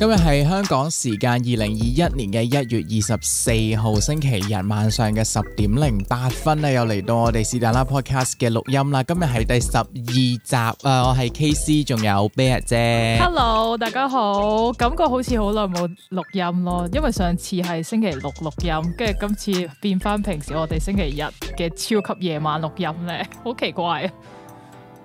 今日係香港時間二零二一年嘅一月二十四號星期日晚上嘅十點零八分啊，又嚟到我哋是但啦 Podcast 嘅錄音啦。今日係第十二集啊，我係 KC，仲有 Bear 姐。Hello，大家好，感覺好似好耐冇錄音咯，因為上次係星期六錄音，跟住今次變翻平時我哋星期日嘅超級夜晚錄音咧，好奇怪啊。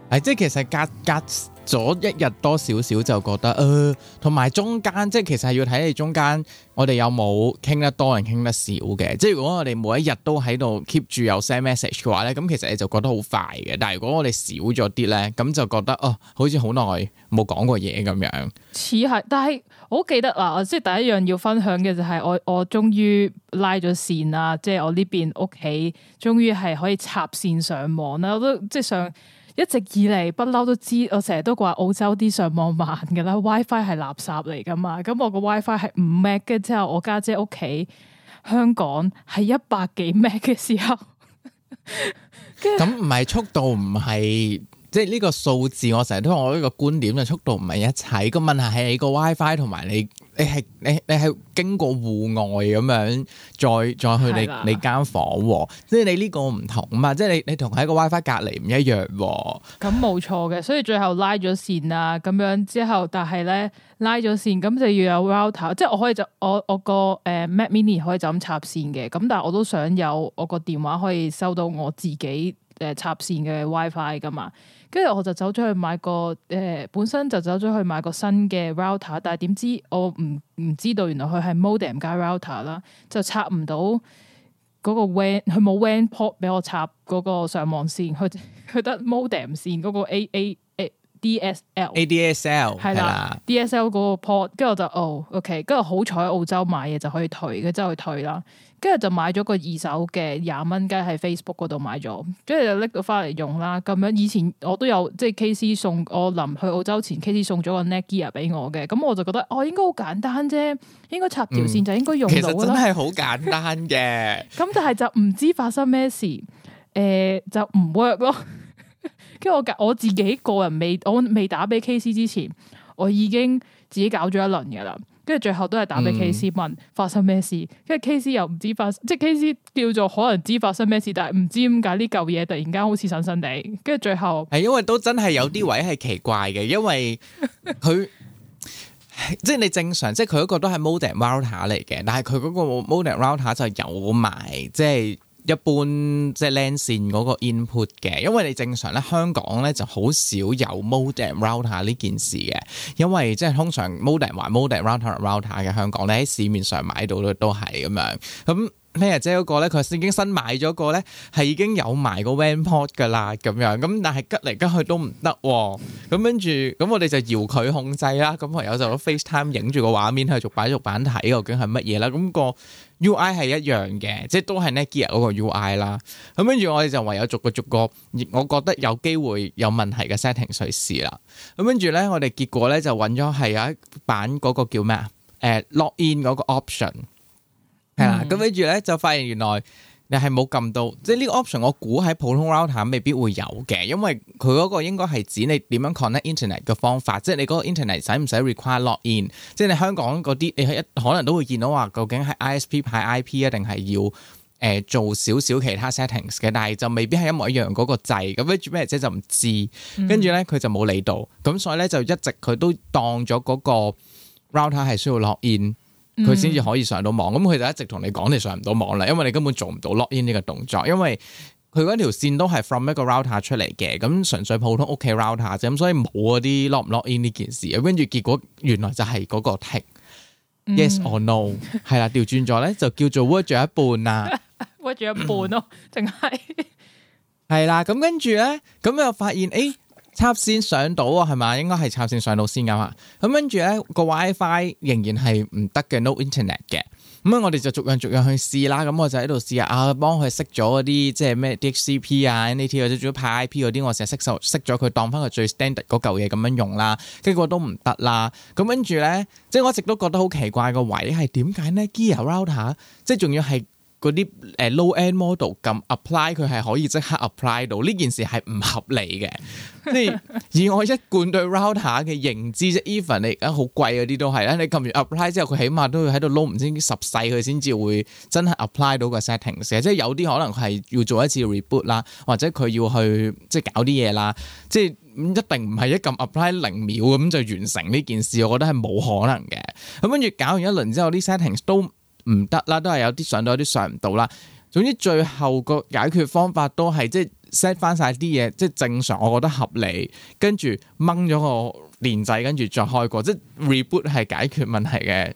誒，即係其實隔隔咗一日多少少就覺得誒，呃、同埋中間即係其實係要睇你中間我哋有冇傾得多人傾得少嘅。即係如果我哋每一日都喺度 keep 住有 send message 嘅話咧，咁其實你就覺得好快嘅。但係如果我哋少咗啲咧，咁就覺得哦、呃，好似好耐冇講過嘢咁樣。似係，但係我記得啦，即係第一樣要分享嘅就係我我終於拉咗線啦，即係我呢邊屋企終於係可以插線上網啦。我都即係上。一直以嚟不嬲都知，我成日都話澳洲啲上網慢嘅啦，WiFi 係垃圾嚟噶嘛。咁我個 WiFi 係五 Mbps，跟住之後我家姐屋企香港係一百幾 Mbps 嘅時候，咁唔係速度唔係。即係呢個數字，我成日都話我呢個觀點嘅速度唔係一切。個問題，係你個 WiFi 同埋你，你係你你係經過戶外咁樣，再再去你的你間房。即係你呢個唔同啊嘛，即係你你同喺個 WiFi 隔籬唔一樣，啊。咁冇錯嘅，所以最後拉咗線啊，咁樣之後，但係咧拉咗線，咁就要有 router。即係我可以就我我個誒、uh, Mac Mini 可以就咁插線嘅。咁但係我都想有我個電話可以收到我自己。誒、呃，插線嘅 WiFi 噶嘛？跟住我就走咗去買個誒、呃，本身就走咗去買個新嘅 router，但係點知我唔唔知道，知道原來佢係 modem 加 router 啦，就插唔到嗰個 WAN，佢冇 WAN port 俾我插嗰個上網線，佢佢得 modem 線嗰，那個 A A A DSL，ADSL 係啦，啦，DSL 嗰個 port，跟住我就哦，OK，跟住好彩澳洲買嘢就可以退，佢真係退啦。跟住就買咗個二手嘅廿蚊雞，喺 Facebook 嗰度買咗，跟住就拎到翻嚟用啦。咁樣以前我都有即係 KC 送我臨去澳洲前，KC 送咗個 Netgear 俾我嘅。咁我就覺得哦，應該好簡單啫，應該插條線就應該用到啦。我覺得係好簡單嘅。咁 但係就唔知發生咩事，誒、呃、就唔 work 咯。跟住我我自己個人未，我未打俾 KC 之前，我已經自己搞咗一輪嘅啦。跟住最後都係打俾 K C 問發生咩事，跟住 K C 又唔知發生，即係 K C 叫做可能知發生咩事，但係唔知點解呢舊嘢突然間好似神神哋，跟住最後係因為都真係有啲位係奇怪嘅，因為佢 即係你正常，即係佢嗰個都係 model router 嚟嘅，但係佢嗰個 model router 就有埋即係。一般即係 LAN 線嗰個 input 嘅，因為你正常咧香港咧就好少有 modem router 呢件事嘅，因為即係通常 modem 還 modem router router 嘅香港咧喺市面上買到都都係咁樣。咁、嗯、咩姐嗰個咧佢已經新買咗個咧係已經有埋個 wan port 噶啦咁樣，咁但係吉嚟吉去都唔得，啊。咁跟住咁我哋就遙距控制啦。咁、嗯、朋友就攞 FaceTime 影住個畫面去逐版逐版睇究竟係乜嘢啦。咁、嗯、個。UI 係一樣嘅，即係都係 Netgear 嗰個 UI 啦。咁跟住我哋就唯有逐個逐個，我覺得有機會有問題嘅 setting 去試啦。咁跟住咧，我哋結果咧就揾咗係有一版嗰個叫咩啊？誒、呃，login 嗰個 option 係啦。咁跟住咧就發現原來。你係冇撳到，即係呢個 option，我估喺普通 router 未必會有嘅，因為佢嗰個應該係指你點樣 connect internet 嘅方法，即係你嗰個 internet 使唔使 require login，即係你香港嗰啲，你係一可能都會見到話，究竟係 ISP 派 IP、呃、一定係要誒做少少其他 settings 嘅，但係就未必係一模一樣嗰個掣，咁跟住咩姐就唔知，跟住咧佢就冇理到，咁、嗯、所以咧就一直佢都當咗嗰個 router 係需要 login。佢先至可以上到網，咁佢就一直同你講你上唔到網啦，因為你根本做唔到 lock in 呢個動作，因為佢嗰條線都係 from 一個 router 出嚟嘅，咁純粹普通屋企 router 啫，咁所以冇嗰啲 lock 唔 lock in 呢件事。跟住結果原來就係嗰個停，yes,、嗯 yes or no，係啦， 調轉咗咧就叫做 work 住一半啦，work 住一半咯，淨係係啦，咁跟住咧，咁又發現誒。欸插線上到啊，係咪？應該係插線上到先㗎嘛。咁跟住咧，個 WiFi 仍然係唔得嘅，no internet 嘅。咁我哋就逐樣逐樣去試啦。咁我就喺度試下啊，幫佢熄咗嗰啲即係咩 DHCP 啊、啊、NAT 或者主要派 IP 嗰啲，我成日熄熄咗佢，當翻佢最 standard 嗰嚿嘢咁樣用啦。結果都唔得啦。咁跟住咧，即係我一直都覺得好奇怪，個位係點解咧？Giga Router 即係仲要係。嗰啲誒 low end model 撳 apply 佢係可以即刻 apply 到，呢件事係唔合理嘅。即係以我一貫對 router 嘅認知啫，even 你而家好貴嗰啲都係啦。你撳完 apply 之後，佢起碼都要喺度撈唔知十世佢先至會真係 apply 到個 setting 先。即係有啲可能佢係要做一次 reboot 啦，或者佢要去即係搞啲嘢啦，即係一定唔係一撳 apply 零秒咁就完成呢件事。我覺得係冇可能嘅。咁跟住搞完一輪之後，啲 setting 都唔得啦，都係有啲上到有啲上唔到啦。總之最後個解決方法都係即係 set 翻晒啲嘢，即係正常，我覺得合理。跟住掹咗個連仔，跟住再開過，即係 reboot 係解決問題嘅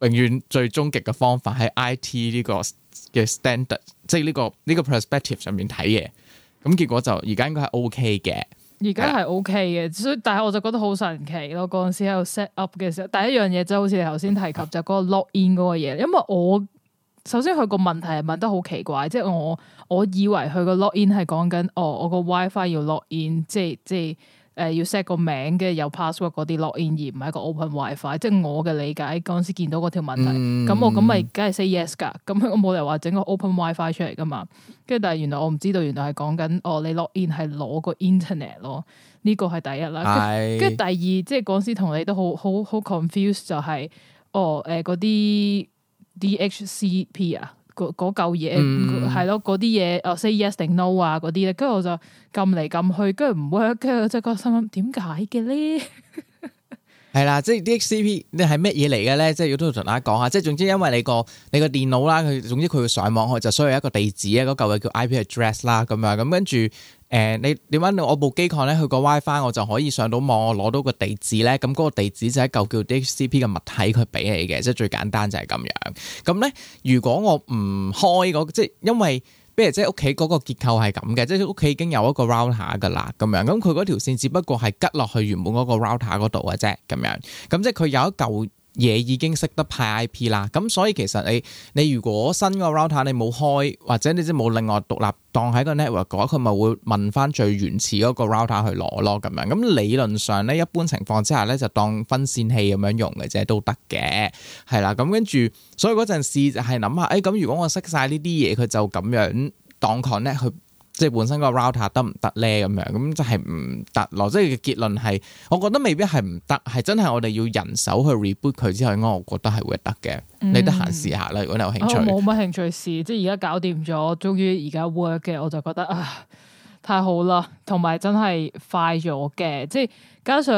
永遠最終極嘅方法。喺 IT 呢個嘅 standard，即係呢個呢個 perspective 上面睇嘢咁，結果就而家應該係 OK 嘅。而家係 O K 嘅，所以但係我就覺得好神奇咯。嗰陣時喺度 set up 嘅時候，第一樣嘢就是、好似你頭先提及就嗰、是、個 login 嗰個嘢，因為我首先佢個問題係問得好奇怪，即、就、係、是、我我以為佢個 login 係講緊哦，我個 WiFi 要 login，即係即係。.誒、呃，要 set 個名嘅，有 password 嗰啲 login 而唔係一個 open wifi，即係我嘅理解。嗰陣時見到嗰條問題，咁、嗯、我咁咪梗係 say yes 噶。咁我冇理由話整個 open wifi 出嚟噶嘛。跟住但係原來我唔知道，原來係講緊哦，你 login 係攞個 internet 咯。呢、這個係第一啦，跟住、哎、第二，即係嗰陣時同你都好好好 confused 就係、是、哦，誒、呃、嗰啲 DHCP 啊。嗰嚿嘢係咯，嗰啲嘢哦，say yes 定 no 啊，嗰啲咧，跟住我就撳嚟撳去，跟住唔 work，跟住即係個心諗點解嘅咧？係啦、 啊，即係啲 XCP 你係乜嘢嚟嘅咧？即係要都同大家講下。即係總之因為你個你個電腦啦，佢總之佢會上網，就需要一個地址啊，嗰嚿嘢叫 IP address 啦，咁樣咁跟住。誒、呃、你點樣？你我部機控咧，佢個 WiFi 我就可以上到網，我攞到個地址咧，咁嗰個地址就係一嚿叫 DHCP 嘅物體佢俾你嘅，即係最簡單就係咁樣。咁咧，如果我唔開嗰、那個、即係，因為譬如即係屋企嗰個結構係咁嘅，即係屋企已經有一個 router 噶啦，咁樣咁佢嗰條線只不過係吉落去原本嗰個 router 嗰度嘅啫，咁樣咁即係佢有一嚿嘢已經識得派 IP 啦，咁所以其實你你如果新個 router 你冇開，或者你即冇另外獨立當喺一個 network 嘅話，佢咪會問翻最原始嗰個 router 去攞咯咁樣。咁理論上咧，一般情況之下咧，就當分線器咁樣用嘅啫，都得嘅。係啦，咁跟住，所以嗰陣時就係諗下，誒、哎、咁如果我識晒呢啲嘢，佢就咁樣當 connect 去。即係本身個 router 得唔得咧咁樣？咁就係唔得。即係嘅結論係，我覺得未必係唔得，係真係我哋要人手去 reboot 佢之後，應該我覺得係會得嘅。你得閒試下啦，如果你有興趣。嗯啊、我冇乜興趣試，即係而家搞掂咗，終於而家 work 嘅，我就覺得啊。太好啦，同埋真係快咗嘅，即係加上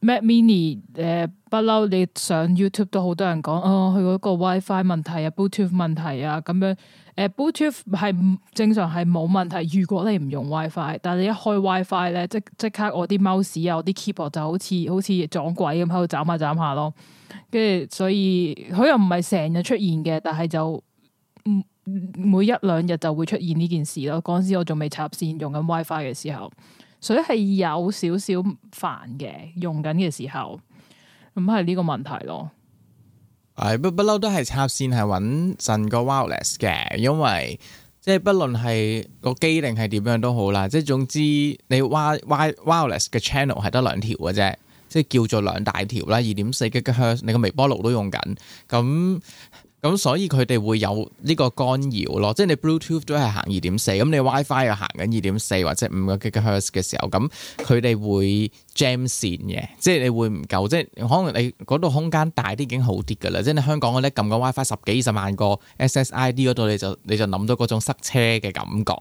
Mac Mini 誒、呃，不嬲你上 YouTube 都好多人講啊，佢、哦、嗰個 WiFi 問題啊，Bluetooth 問題啊咁樣。誒、呃、Bluetooth 係正常係冇問題，如果你唔用 WiFi，但係你一開 WiFi 咧，Fi, 即即刻我啲 mouse 啊，我啲 keyboard 就好似好似撞鬼咁喺度揈下揈下咯。跟住所以佢又唔係成日出現嘅，但係就唔。嗯每一兩日就會出現呢件事咯，嗰陣時我仲未插綫，用緊 WiFi 嘅時候，所以係有少少煩嘅。用緊嘅時候，咁係呢個問題咯。誒，不不嬲都係插綫，係穩陣個 wireless 嘅，因為即係不論係個機定係點樣都好啦，即係總之你 wire wireless 嘅 channel 係得兩條嘅啫，即係叫做兩大條啦，二點四吉赫，你個微波爐都用緊咁。咁所以佢哋會有呢個干擾咯，即係你 Bluetooth 都係行二點四，咁你 WiFi 又行緊二點四或者五個 GHz 嘅時候，咁佢哋會 jam 線嘅，即係你會唔夠，即係可能你嗰度空間大啲已經好啲㗎喇，即係你香港嗰啲撳個 WiFi 十幾十萬個 SSID 嗰度，你就你就諗到嗰種塞車嘅感覺，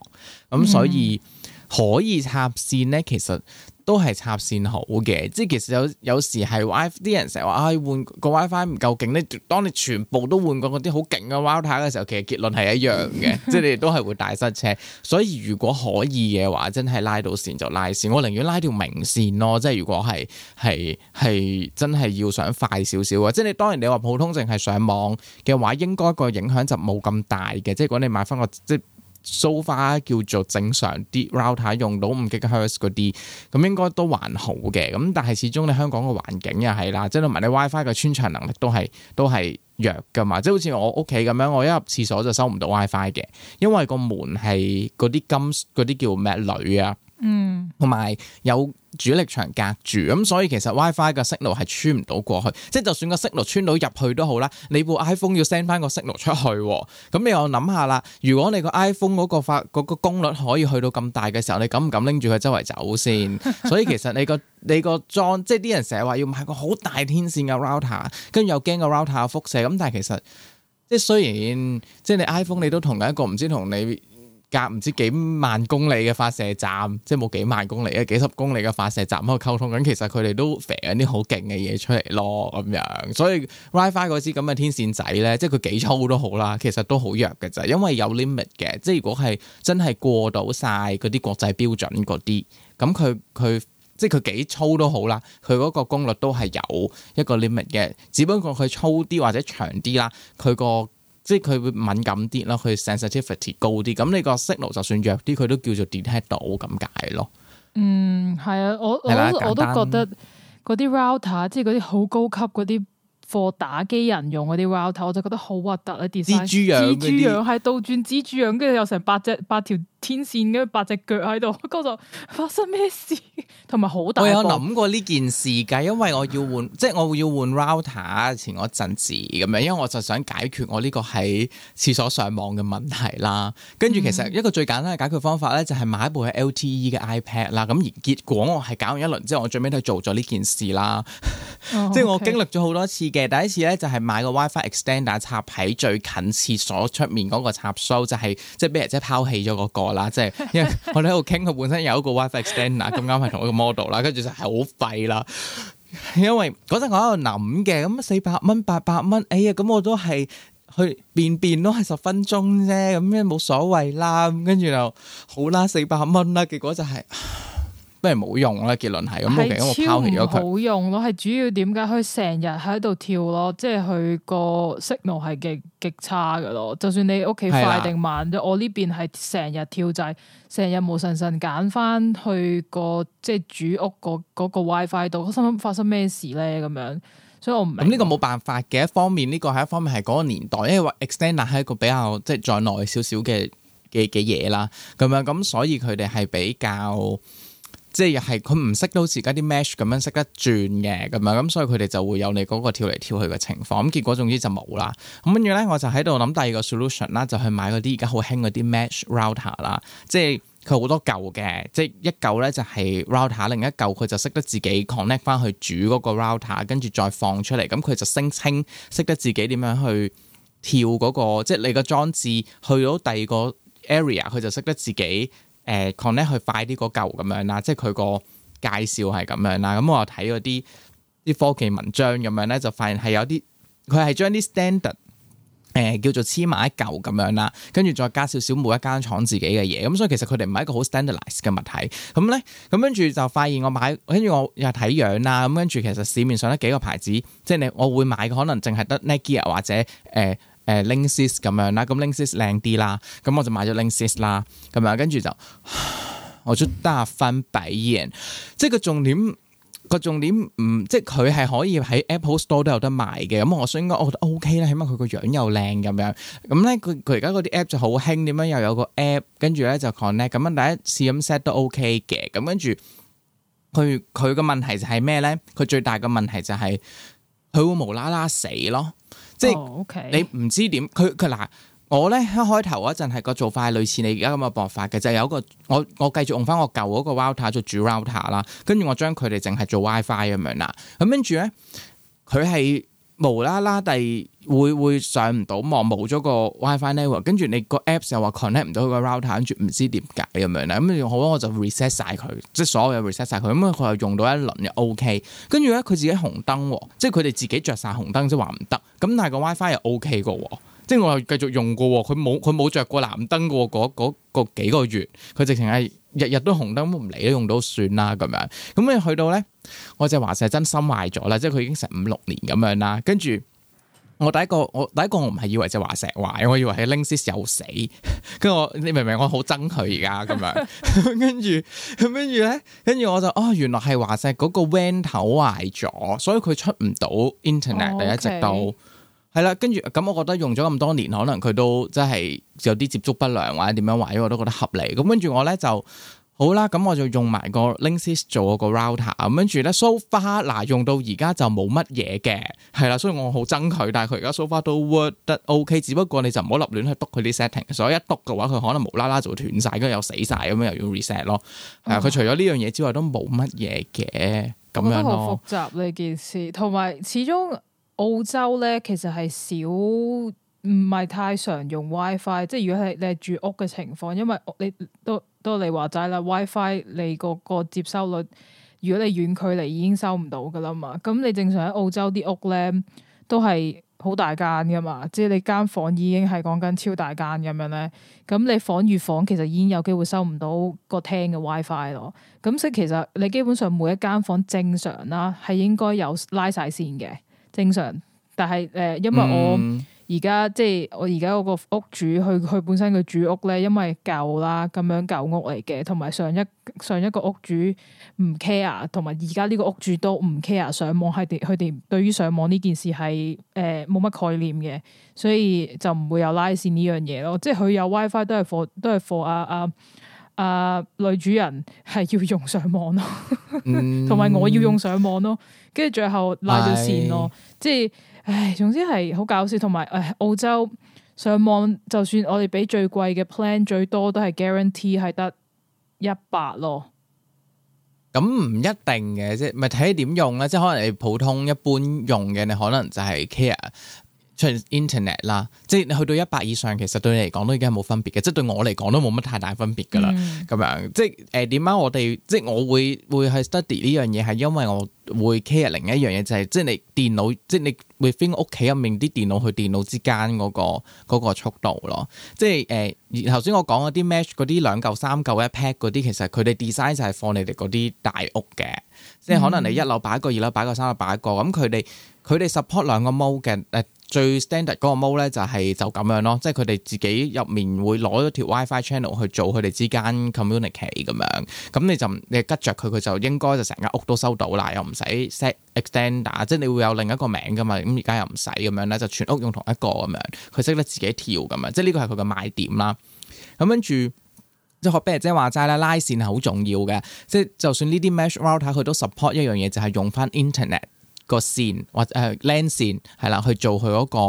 咁所以可以插線呢，其實。都係插線好嘅，即係其實有有時係 WiFi 啲人成日話，唉、哎、換個 WiFi 唔夠勁呢。」當你全部都換過嗰啲好勁嘅 WiFi 嘅時候，其實結論係一樣嘅， 即係你都係會大塞車。所以如果可以嘅話，真係拉到線就拉線，我寧願拉條明線咯。即係如果係係係真係要想快少少啊，即係你當然你話普通淨係上網嘅話，應該個影響就冇咁大嘅。即係如果你買翻個即 so far 叫做正常啲，router 用到五吉赫嗰啲，咁應該都還好嘅。咁但係始終你香港嘅環境又係啦，即係同埋你 WiFi 嘅穿牆能力都係都係弱噶嘛。即係好似我屋企咁樣，我一入廁所就收唔到 WiFi 嘅，因為個門係嗰啲金嗰啲叫咩鋁啊？嗯，同埋有，有主力牆隔住，咁所以其實 WiFi 嘅訊號係穿唔到過去。即係就算個訊號穿到入去都好啦，你部 iPhone 要 send 翻個訊號出去，咁你又諗下啦。如果你個 iPhone 嗰個發嗰個功率可以去到咁大嘅時候，你敢唔敢拎住佢周圍走先？ 所以其實你個你個裝，即係啲人成日話要買個好大天線嘅 router，跟住又驚個 router 有輻射。咁但係其實即係雖然，即係你 iPhone 你都同緊一個唔知同你。隔唔知幾萬公里嘅發射站，即係冇幾萬公里啊，幾十公里嘅發射站喺度溝通，咁其實佢哋都搵緊啲好勁嘅嘢出嚟咯，咁樣，所以 WiFi 嗰支咁嘅天線仔咧，即係佢幾粗都好啦，其實都好弱嘅就咋，因為有 limit 嘅，即係如果係真係過到晒嗰啲國際標準嗰啲，咁佢佢即係佢幾粗都好啦，佢嗰個功率都係有一個 limit 嘅，只不過佢粗啲或者長啲啦，佢個。即係佢會敏感啲咯，佢 sensitivity 高啲，咁你個 signal 就算弱啲，佢都叫做 detect 到咁解咯。嗯，係啊，我啊我都我覺得嗰啲 router，即係嗰啲好高級嗰啲貨打機人用嗰啲 router，我就覺得好核突啊！蜘蛛樣，蜘蛛樣係倒轉蜘蛛樣，跟住有成八隻八條天線嘅八隻腳喺度，嗰度發生咩事？同埋好大。我有諗過呢件事噶，因為我要換，即係我要換 router 前嗰陣時咁樣，因為我就想解決我呢個喺廁所上網嘅問題啦。跟住其實一個最簡單嘅解決方法咧，就係買一部 LTE 嘅 iPad 啦。咁而結果我係搞完一輪之後，我最尾都做咗呢件事啦。 oh, okay. 即係我經歷咗好多次嘅，第一次咧就係買個 WiFi extender 插喺最近廁所出面嗰個插蘇，就係即係俾人即係拋棄咗嗰個。嗱，即係，因為我哋喺度傾，佢本身有一個 WiFi extender，咁啱係同一個 model 啦，跟住就係好廢啦。因為嗰陣我喺度諗嘅，咁四百蚊、八百蚊，哎呀，咁我都係去便便都係十分鐘啫，咁樣冇所謂啦。跟住就好啦，四百蚊啦，結果就係。都係冇用啦，結論係咁我明，我拋棄咗佢。冇用咯，係主要點解佢成日喺度跳咯，即係佢個 signal 係極極差噶咯。就算你屋企快定慢，的我呢邊係成日跳掣，成日無神神揀翻去個即係主屋個 WiFi 度。我心諗發生咩事咧？咁樣，所以我唔明。咁呢個冇辦法嘅，一方面呢、這個係一方面係嗰個年代，因為 extender 係一個比較即係再耐少少嘅嘅嘅嘢啦。咁樣咁，所以佢哋係比較。即係又係佢唔識到，自己啲 mesh 咁樣識得轉嘅咁樣，咁所以佢哋就會有你嗰個跳嚟跳去嘅情況。咁結果總之就冇啦。咁跟住咧，我就喺度諗第二個 solution 啦，就去買嗰啲而家好興嗰啲 mesh router 啦。即係佢好多舊嘅，即係一舊咧就係、是、router，另一舊佢就識得自己 connect 翻去主嗰個 router，跟住再放出嚟。咁佢就聲稱識得自己點樣去跳嗰、那個，即係你個裝置去到第二個 area，佢就識得自己。誒 connect、嗯、去快啲嗰嚿咁樣啦，即係佢個介紹係咁樣啦。咁、嗯、我又睇嗰啲啲科技文章咁樣咧，就發現係有啲佢係將啲 standard 誒、嗯、叫做黐埋一嚿咁樣啦，跟、嗯、住再加少少每一間廠自己嘅嘢。咁、嗯、所以其實佢哋唔係一個好 standardized 嘅物體。咁、嗯、咧，咁跟住就發現我買，跟住我又睇樣啦。咁跟住其實市面上得幾個牌子，即係你我會買嘅可能淨係得 Netgear 或者誒。呃誒 Linksys 咁樣啦，咁 Linksys 靚啲啦，咁我就買咗 Linksys 啦，咁啊，跟住就我就大翻白眼，即係個重點，個重點唔，即係佢係可以喺 Apple Store 都有得賣嘅，咁我諗，應該我覺得 O K 啦，起碼佢個樣又靚咁樣，咁咧佢佢而家嗰啲 app 就好興，點樣又有個 app，跟住咧就 connect，咁樣第一次咁 set 都 O K 嘅，咁跟住佢佢個問題就係咩咧？佢最大嘅問題就係佢會無啦啦死咯。即係你唔知點，佢佢嗱，我咧一開頭嗰陣係個做法係類似你而家咁嘅辦法嘅，就係有一個我我繼續用返我舊嗰個 router 做主 router 啦，跟住我將佢哋淨係做 WiFi 咁樣啦，咁跟住咧佢係無啦啦第。會會上唔到網，冇咗個 WiFi network。跟住你個 apps 又話 connect 唔到佢個 router，跟住唔知點解咁樣啦。咁又好啦，我就 reset 晒佢，即係所有 reset 晒佢。咁佢又用到一輪又 OK。跟住咧，佢自己紅燈，即係佢哋自己着晒紅燈，即係話唔得。咁但係個 WiFi 又 OK 嘅喎，即係我又繼續用個喎。佢冇佢冇著過藍燈嘅喎，嗰嗰幾個月，佢直情係日日都紅燈，唔理都用到算啦咁樣。咁你去到咧，我就話係真心壞咗啦，即係佢已經成五六年咁樣啦，跟住。我第一個，我第一個，我唔係以為隻華碩壞，我以為係 Linksys 有死。跟 住我，你明唔明？我好憎佢而家咁樣。跟 住， 跟住咧，跟住我就哦，原來係華碩嗰個 WAN 頭壞咗，所以佢出唔到 internet。你、oh, okay. 一直到係啦。跟住咁，我覺得用咗咁多年，可能佢都真係有啲接觸不良或者點樣壞，我都覺得合理。咁跟住我咧就。好啦，咁我就用埋個 Linksys 做個 router，咁跟住咧 so far 嗱用到而家就冇乜嘢嘅，係啦，所以我好憎佢，但係佢而家 so far 都 work 得 OK，只不過你就唔好立亂去篤佢啲 setting，所以一篤嘅話佢可能無啦啦就會斷曬，跟住又死晒，咁樣又要 reset 咯。誒，佢除咗呢樣嘢之外都冇乜嘢嘅咁樣咯。好複雜呢件事，同埋始終澳洲咧其實係少。唔係太常用 WiFi，即係如果係你係住屋嘅情況，因為你都都嚟話齋啦，WiFi 你嗰個，個接收率，如果你遠距離已經收唔到噶啦嘛，咁你正常喺澳洲啲屋咧，都係好大間噶嘛，即係你間房已經係講緊超大間咁樣咧，咁你房與房其實已經有機會收唔到個廳嘅 WiFi 咯，咁即係其實你基本上每一間房正常啦、啊，係應該有拉晒線嘅正常，但係誒、呃、因為我。嗯而家即係我而家嗰個屋主佢佢本身嘅主屋咧，因為舊啦，咁樣舊屋嚟嘅，同埋上一上一個屋主唔 care，同埋而家呢個屋主都唔 care 上網，係佢哋對於上網呢件事係誒冇乜概念嘅，所以就唔會有拉線呢樣嘢咯。即係佢有 WiFi 都係 for 都係 for 阿阿阿女主人係要用上網咯，同埋、嗯、 我要用上網咯，跟住最後拉咗線咯，哎、即係。唉，總之係好搞笑，同埋唉澳洲上網，就算我哋俾最貴嘅 plan，最多都係 guarantee 係得一百咯。咁唔一定嘅，即係唔係睇你點用咧？即係可能你普通一般用嘅，你可能就係 care。internet 啦，即係你去到一百以上，其實對你嚟講都已經係冇分別嘅，即係對我嚟講都冇乜太大分別㗎啦。咁、mm hmm. 樣，即係誒點解我哋即係我會會去 study 呢樣嘢，係因為我會 care 另一樣嘢，就係、mm hmm. 即係你電腦，即係你 refine 屋企入面啲電腦去電腦之間嗰、嗰個嗰個速度咯。即係誒，頭、呃、先我講嗰啲 match 嗰啲兩嚿三嚿一 pack 嗰啲，其實佢哋 design 就係放你哋嗰啲大屋嘅，即係可能你一樓擺一，mm hmm. 一個，二樓擺一個，三樓擺一個，咁佢哋佢哋 support 兩個 mode 誒。呃最 standard 嗰個模咧就係就咁樣咯，即係佢哋自己入面會攞咗條 WiFi channel 去做佢哋之間 communicate 咁樣，咁你就你吉着佢，佢就應該就成間屋都收到啦，又唔使 e x t e n d e 即係你會有另一個名噶嘛，咁而家又唔使咁樣咧，就全屋用同一個咁樣，佢識得自己跳咁樣，即係呢個係佢嘅賣點啦。咁跟住即係學俾阿姐話齋咧，拉線係好重要嘅，即係就算呢啲 mesh router 佢都 support 一樣嘢，就係、是、用翻 internet。個線或誒 LAN 線係啦，去做佢嗰個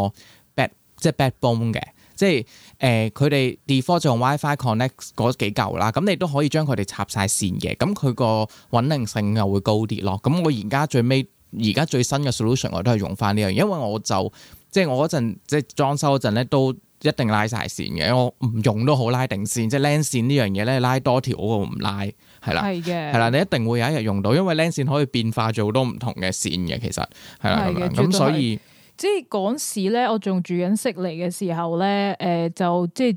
back 即係 backbone 嘅，即係誒佢、呃、哋 default 就用 WiFi connect 嗰幾嚿啦，咁你都可以將佢哋插晒線嘅，咁佢個穩定性又會高啲咯。咁我而家最尾而家最新嘅 solution 我都係用翻呢樣，因為我就即係我嗰陣即係裝修嗰陣咧都一定拉晒線嘅，我唔用都好拉定線，即係 LAN 線呢樣嘢咧拉多條我唔拉。係啦，係嘅，係啦的，你一定會有一日用到，因為靚線可以變化做好多唔同嘅線嘅，其實係啦，咁的所以即係嗰時咧，我仲住緊悉尼嘅時候咧，誒、呃、就即係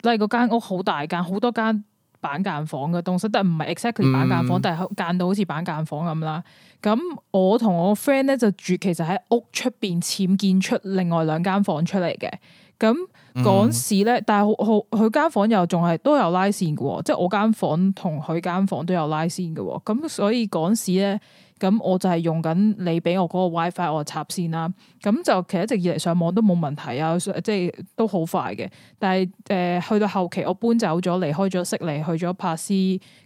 住喺嗰間屋好大間，好多間板間房嘅東西，但唔係 exactly 板間房，嗯、但係間到好似板間房咁啦。咁我同我 friend 咧就住，其實喺屋出邊僭建出另外兩間房出嚟嘅，咁。趕市咧，但係好好佢間房又仲係都有拉線嘅喎，即係我間房同佢間房都有拉線嘅喎，咁所以趕市咧，咁我就係用緊你俾我嗰個 WiFi，我插線啦。咁就其實一直以嚟上網都冇問題啊，即係都好快嘅。但係誒、呃、去到後期我搬走咗，離開咗悉尼去咗柏斯，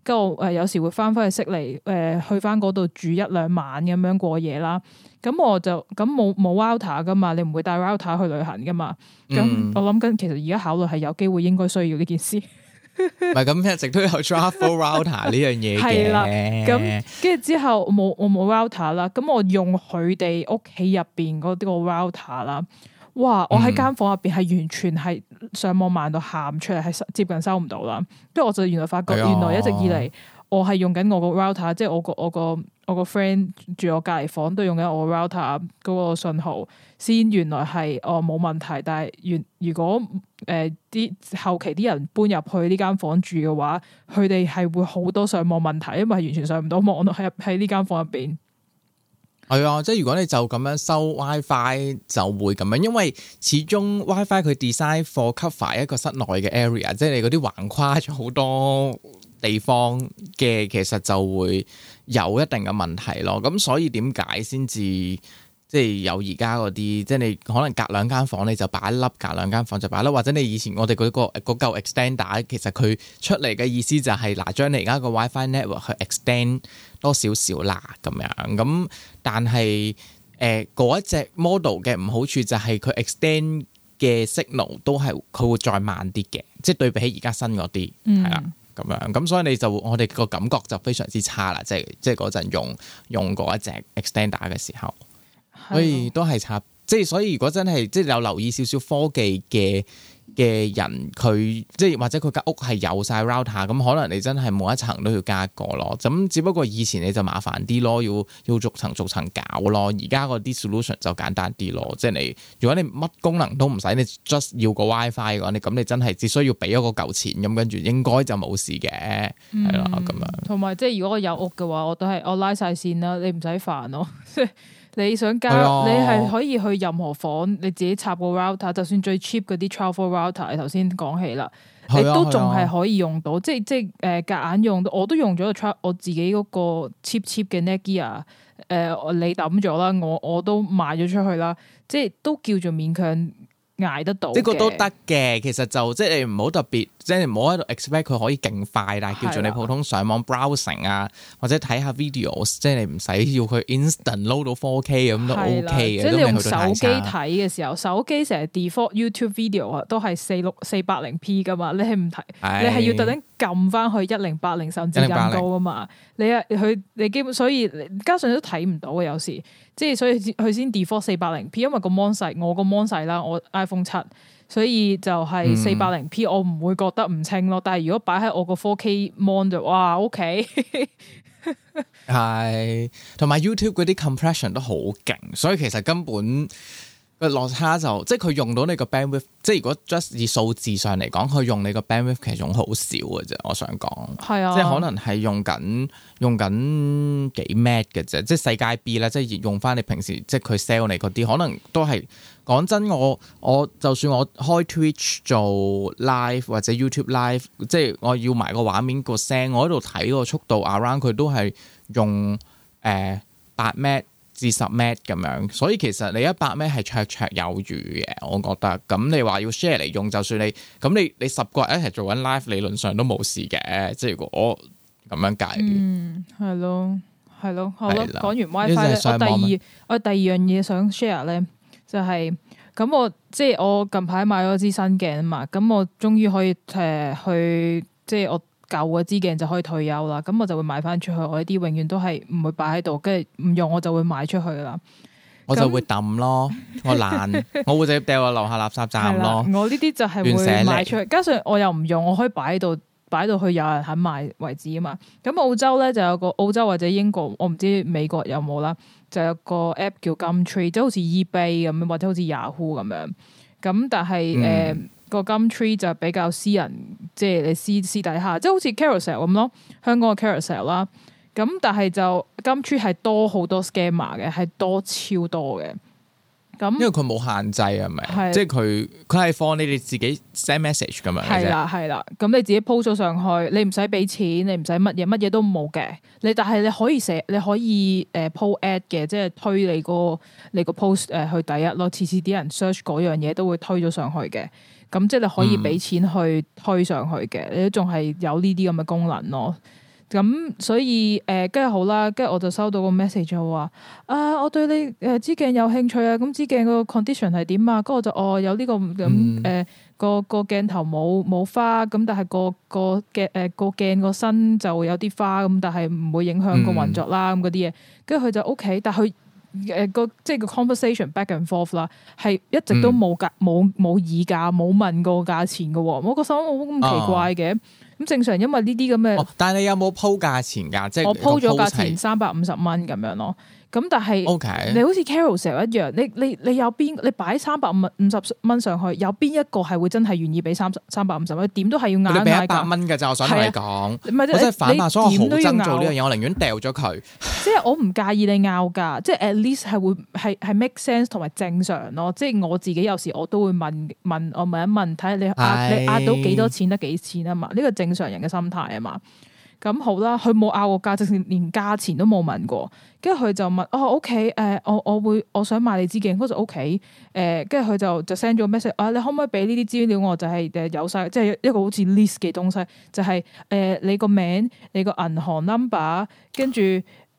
跟住誒有時會翻返去悉尼誒去翻嗰度住一兩晚咁樣過夜啦。咁我就咁冇冇 router 噶嘛，你唔會帶 router 去旅行噶嘛？咁、嗯、我諗緊，其實而家考慮係有機會應該需要呢件事、嗯。唔係咁一直都有 travel router 呢樣嘢嘅。係啦，咁跟住之後冇我冇 router 啦，咁我用佢哋屋企入邊嗰啲個 router 啦。哇！我喺間房入邊係完全係上網慢到喊出嚟，係接近收唔到啦。跟住我就原來發覺，原來一直以嚟。嗯嗯我係用緊我個 router，即係我個我個我個 friend 住我隔籬房都用緊我 router 嗰個信號。先原來係我冇問題，但係如如果誒啲、呃、後期啲人搬入去呢間房住嘅話，佢哋係會好多上網問題，因為係完全上唔到網咯，喺喺呢間房入邊。係啊，即係如果你就咁樣收 WiFi 就會咁樣，因為始終 WiFi 佢 design for cover 一個室內嘅 area，即係你嗰啲橫跨咗好多地方嘅其實就會有一定嘅問題咯，咁所以點解先至即係有而家嗰啲，即係你可能隔兩間房你就擺一粒，隔兩間房就擺一粒，或者你以前我哋嗰個、嗰個舊 extender，其實佢出嚟嘅意思就係、係、嗱，將你而家個 WiFi network 去 extend 多少少啦咁樣。咁但係誒嗰、呃、一隻 model 嘅唔好處就係佢 extend 嘅 signal 都係佢會再慢啲嘅，即係對比起而家新嗰啲，係啦、嗯。咁樣，咁所以你就我哋個感覺就非常之差啦，即係即係嗰陣用用過一隻 Extender 嘅時候，所以都係差，是的 即係所以如果真係即係有留意少少科技嘅。嘅人佢即係或者佢間屋係有晒 router 咁，可能你真係每一層都要加一個咯。咁只不過以前你就麻煩啲咯，要要逐層逐層搞咯。而家嗰啲 solution 就簡單啲咯，即係你如果你乜功能都唔使，你 just 要個 WiFi 嘅話，你咁你真係只需要俾一個舊錢咁，跟住應該就冇事嘅，係啦咁樣。同埋即係如果我有屋嘅話，我都係我拉晒線啦，你唔使煩咯。 你想加，啊、你係可以去任何房，你自己插個 router，就算最 cheap 嗰啲 travel router，你頭先講起啦，你，啊、你都仲係可以用到，啊、即係即誒，夾、呃、硬用，我都用咗個 travel 我自己嗰個 cheap cheap 嘅 Netgear 誒，你抌咗啦，我我都賣咗出去啦，即係都叫做勉強。捱得到，呢個都得嘅。其實就即係你唔好特別，即係你唔好喺度 expect 佢可以勁快，但係叫做你普通上網 browsing 啊，或者睇下 videos，即係你唔使要佢 instant load 到 4K 咁都 OK 嘅的。即係你用手機睇嘅時候，手機成日 default YouTube video 啊，都係四六四百零 P 㗎嘛，你係唔睇，的你係要特登。撳翻去一零八零甚至更高啊嘛！你啊，佢你基本所以加上都睇唔到嘅。有時即係所以佢先 default 四百零 p，因為個 mon 細我個 mon 細啦，我 iPhone 七，7, 所以就係四百零 p，我唔會覺得唔清咯。嗯、但係如果擺喺我個 four k mon 就哇，ok，係同 埋 YouTube 嗰啲 compression 都好勁，所以其實根本。落差就即係佢用到你個 bandwidth，即係如果 just 以數字上嚟講，佢用你個 bandwidth 其實仲好少嘅啫。我想講，係啊，即係可能係用緊，用緊幾 Mbps 嘅啫，即係世界 B 啦，即係用翻你平時，即係佢 sell 你嗰啲，可能都係講真，我我就算我開 Twitch 做 live 或者 YouTube live，即係我要埋個畫面個聲，我喺度睇個速度 around 佢都係用誒八 Mbps 至十米咁樣，所以其實你一百米係綽綽有餘嘅，我覺得。咁你話要 share 嚟用，就算你咁你你十個人一齊做緊 live，理論上都冇事嘅。即係如果我咁樣計。嗯，係咯，係咯，好咯。講完 WiFi 咧，第二，我第二樣嘢想 share 咧，就是，就係咁我即係我近排買咗支新鏡啊嘛，咁我終於可以誒、呃、去即係我。舊嗰支鏡就可以退休啦，咁我就會賣翻出去，我呢啲永遠都係唔會擺喺度，跟住唔用我就會賣出去啦。我就會抌咯，那 我懶，我會直接掉落樓下垃圾站咯。我呢啲就係會賣出去，加上我又唔用，我可以擺喺度，擺到去有人肯買為止啊嘛。咁澳洲咧就有個，澳洲或者英國，我唔知美國有冇啦，就有個 app 叫 Gumtree，即係好似 eBay 咁樣，或者好似 Yahoo 咁樣。咁但係誒。嗯個 Gumtree 就比較私人，即係你私私底下，即係好似 carousel 咁咯，香港嘅 carousel 啦。咁但係就 Gumtree 係多好多 scammer 嘅，係多超多嘅。咁因為佢冇限制啊，咪是即係佢佢係放你哋自己 send message 咁樣嘅。係啦係啦，咁你自己 post 咗上去，你唔使俾錢，你唔使乜嘢，乜嘢都冇嘅。你但係你可以寫，你可以誒 post at 嘅，即係推你個你個 post 誒去第一咯。次次啲人 search 嗰樣嘢都會推咗上去嘅。咁即係你可以俾錢去推上去嘅，你都仲係有呢啲咁嘅功能咯。咁所以，誒、呃，跟住好啦，跟住我就收到個 message 話，啊，我對你誒、呃、支鏡有興趣啊。咁支鏡個 condition 係點啊？跟住我就哦，有呢、這個咁誒、嗯嗯呃，個個鏡頭冇冇花，咁但係個個鏡誒個鏡個身就有啲花，咁但係唔會影響個運作啦。咁嗰啲嘢，跟住佢就 O、OK, K，但係佢。誒個即係個 conversation back and forth 啦，係一直都冇價冇冇、嗯、議價冇問過價錢嘅喎，我個手好咁奇怪嘅。咁正常，因為呢啲咁嘅，但係你有冇鋪價錢㗎？即係我鋪咗價錢三百五十蚊咁樣咯。咁但係，Okay. 你好似 Carol 成日一樣，你你你有邊？你擺三百五五十蚊上去，有邊一個係會真係願意俾三三百五十蚊？點都係要咬咬。俾一百蚊嘅就，我想同你講，啊、我真係反白你所以好憎做呢、這個、樣嘢，我寧願掉咗佢。 即係我唔介意你拗噶，即係 at least 係會係係 make sense 同埋正常咯。即係我自己有時我都會問問我問一問睇下你壓唉你壓到幾多錢得幾錢啊嘛？呢個正常人嘅心態啊嘛。咁好啦，佢冇拗過價，直情連價錢都冇問過，跟住佢就問，哦，OK，誒、呃，我我會我想買你支鏡，嗰陣 OK，誒、呃，跟住佢就就 send 咗個 message，啊，你可唔可以俾呢啲資料我？就係、是、誒有晒，即、就、係、是、一個好似 list 嘅東西，就係誒你個名、你個銀行 number，跟住。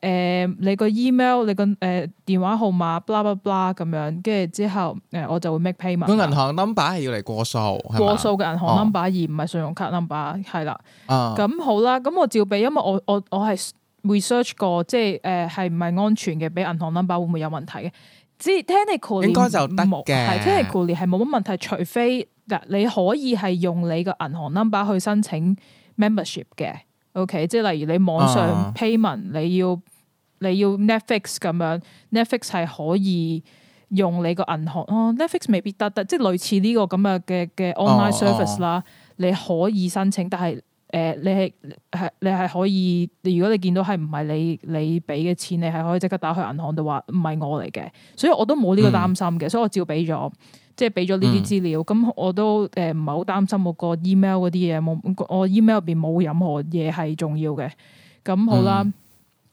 誒、呃，你個 email，你個誒、呃、電話號碼，blah blah blah 咁樣，跟住之後誒、呃，我就會 make payment。個銀行 number 係要嚟過數，過數嘅銀行 number，哦、而唔係信用卡 number，係啦。咁、哦、好啦，咁我照俾，因為我我我係 research 過，即係誒係唔係安全嘅，俾銀行 number 會唔會有問題嘅？只 technically 應該就得嘅，technically 係冇乜問題，除非你可以係用你個銀行 number 去申請 membership 嘅。O.K. 即係例如你網上 payment、啊、你要你要 Net、啊、Netflix 咁樣，Netflix 係可以用你個銀行啊、哦、Netflix 未必得得，即係類似呢個咁啊嘅嘅 online service 啦、啊，你可以申請，但係誒、呃、你係係你係可以，如果你見到係唔係你你俾嘅錢，你係可以即刻打去銀行度話唔係我嚟嘅，所以我都冇呢個擔心嘅，嗯、所以我照俾咗。即係俾咗呢啲資料，咁、嗯、我都誒唔係好擔心我個 email 嗰啲嘢，我我 email 入邊冇任何嘢係重要嘅，咁好啦，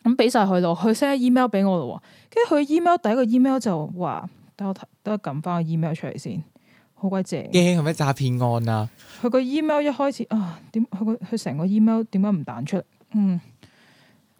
咁俾晒佢咯，佢 send 咗 email 俾我咯，跟住佢 email 第一個 email 就話，等我睇，等我撳翻個 email 出嚟先，好鬼正，驚係咪詐騙案啊？佢個 email 一開始啊，點佢佢成個 email 點解唔彈出？嗯。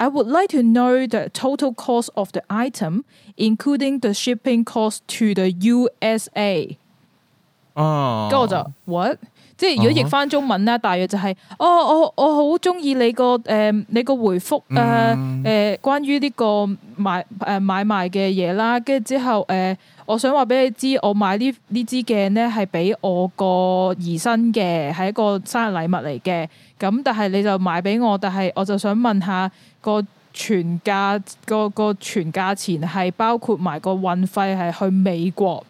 I would like to know the total cost of the item, including the shipping cost to the USA。啊，跟我就 what，即係、uh huh. 如果譯翻中文咧，大約就係、是，哦、oh，我我好中意你個誒、呃、你個回覆啊誒，關於呢個買誒、呃、買賣嘅嘢啦，跟住之後誒、呃，我想話俾你知，我買呢呢支鏡咧係俾我個姨甥嘅，係一個生日禮物嚟嘅，咁但係你就買俾我，但係我就想問下。個全價個個全價錢係包括埋個運費係去美國，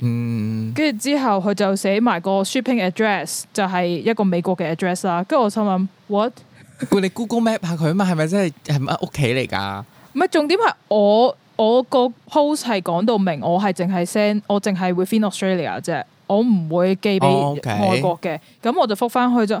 嗯，跟住之後佢就寫埋個 shipping address 就係一個美國嘅 address 啦。跟住我心諗 what， 你 Google Map 下佢啊嘛，係咪真係係咪屋企嚟噶？唔係重點係我我個 post 係講到明，我係淨係 send，我淨係會 within Australia 啫，我唔會寄俾外國嘅。咁、oh, okay. 我就覆翻去就。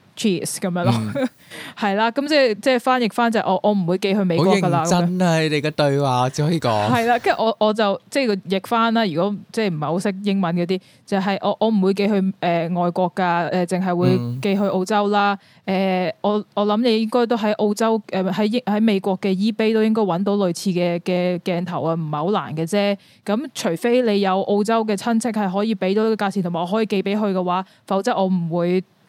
Cheers 咁樣咯，係啦，嗯，咁即係即係翻譯翻就係我我唔會寄去美國噶啦，真係、啊、你嘅對話只可以講。係啦， 跟住我我就即係譯翻啦。如果即係唔係好識英文嗰啲，就係、是、我我唔會寄去誒外國噶，誒淨係會寄去澳洲啦。誒、嗯呃、我我諗你應該都喺澳洲誒喺喺美國嘅 eBay 都應該揾到類似嘅嘅鏡頭啊，唔係好難嘅啫。咁除非你有澳洲嘅親戚係可以俾到呢個價錢，同埋我可以寄俾佢嘅話，否則我唔會。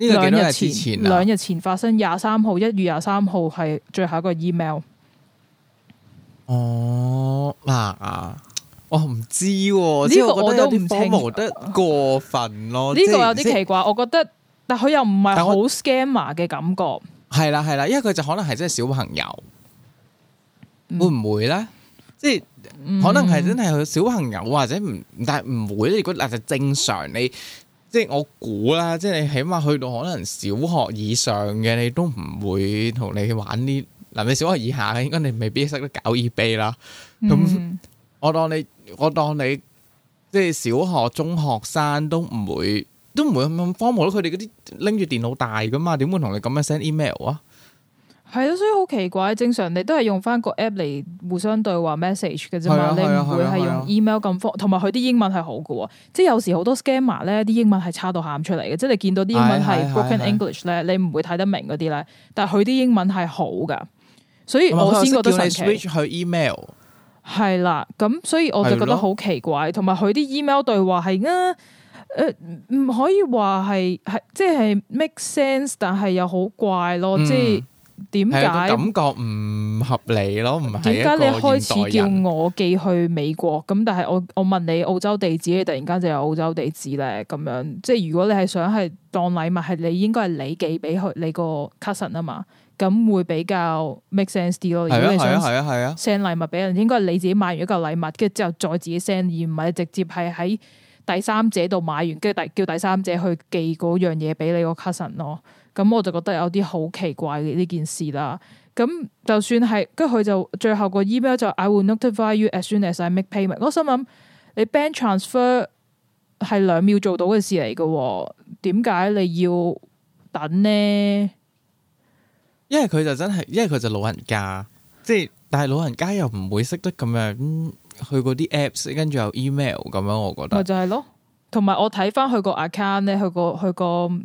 呢個幾多日之前？兩日前發生廿三號，一月廿三號係最後一個 email。哦，嗱啊，我唔知，呢個我都摸得過分咯。呢個有啲奇怪，我覺得，但佢又唔係好 scammer 嘅感覺。係啦係啦，因為佢就可能係真係小朋友，會唔會咧？即係可能係真係佢小朋友，或者唔但係唔會咧？如果嗱就正常你。即係我估啦，即係你起碼去到可能小學以上嘅，你都唔會同你玩呢。嗱，你小學以下應該你未必識得搞 email 啦。咁、嗯、我當你，我當你即係小學中學生都唔會，都唔會咁荒謬咯。佢哋嗰啲拎住電腦大噶嘛，點會同你咁樣 send email 啊？係咯，所以好奇怪。正常你都係用翻個 app 嚟互相對話 message 嘅啫嘛，你唔會係用 email 咁方，同埋佢啲英文係好嘅。即係有時好多 scammer 咧，啲英文係差到喊出嚟嘅。即係你見到啲英文係 broken English 咧，你唔會睇得明嗰啲咧。但係佢啲英文係好嘅，所以我先覺得神奇。switch 去 email 係啦，咁所以我就覺得好奇怪，同埋佢啲 email 對話係啊，唔、呃、可以話係係即係 make sense，但係又好怪咯，嗯、即係。點解感覺唔合理咯？點解你開始叫我寄去美國咁？但係我我問你澳洲地址，你突然間就有澳洲地址咧？咁樣即係如果你係想係當禮物，係你應該係你寄俾佢你個 cousin 啊嘛，咁會比較 make sense 啲咯。如果你想係啊係啊！send 禮物俾人應該係你自己買完一個禮物，跟住之後再自己 send，而唔係直接係喺第三者度買完，跟住第叫第三者去寄嗰樣嘢俾你個 cousin 咯。咁我就覺得有啲好奇怪嘅呢件事啦。咁就算係，跟住佢就最後個 email 就 I will notify you as soon as I make payment。我心諗你 bank transfer 係兩秒做到嘅事嚟嘅，哦，點解你要等呢？因為佢就真係，因為佢就老人家，即係但係老人家又唔會識得咁樣去嗰啲 apps，跟住有 email 咁樣。我覺得咪就係咯。同埋我睇翻佢個 account 咧，佢個佢個。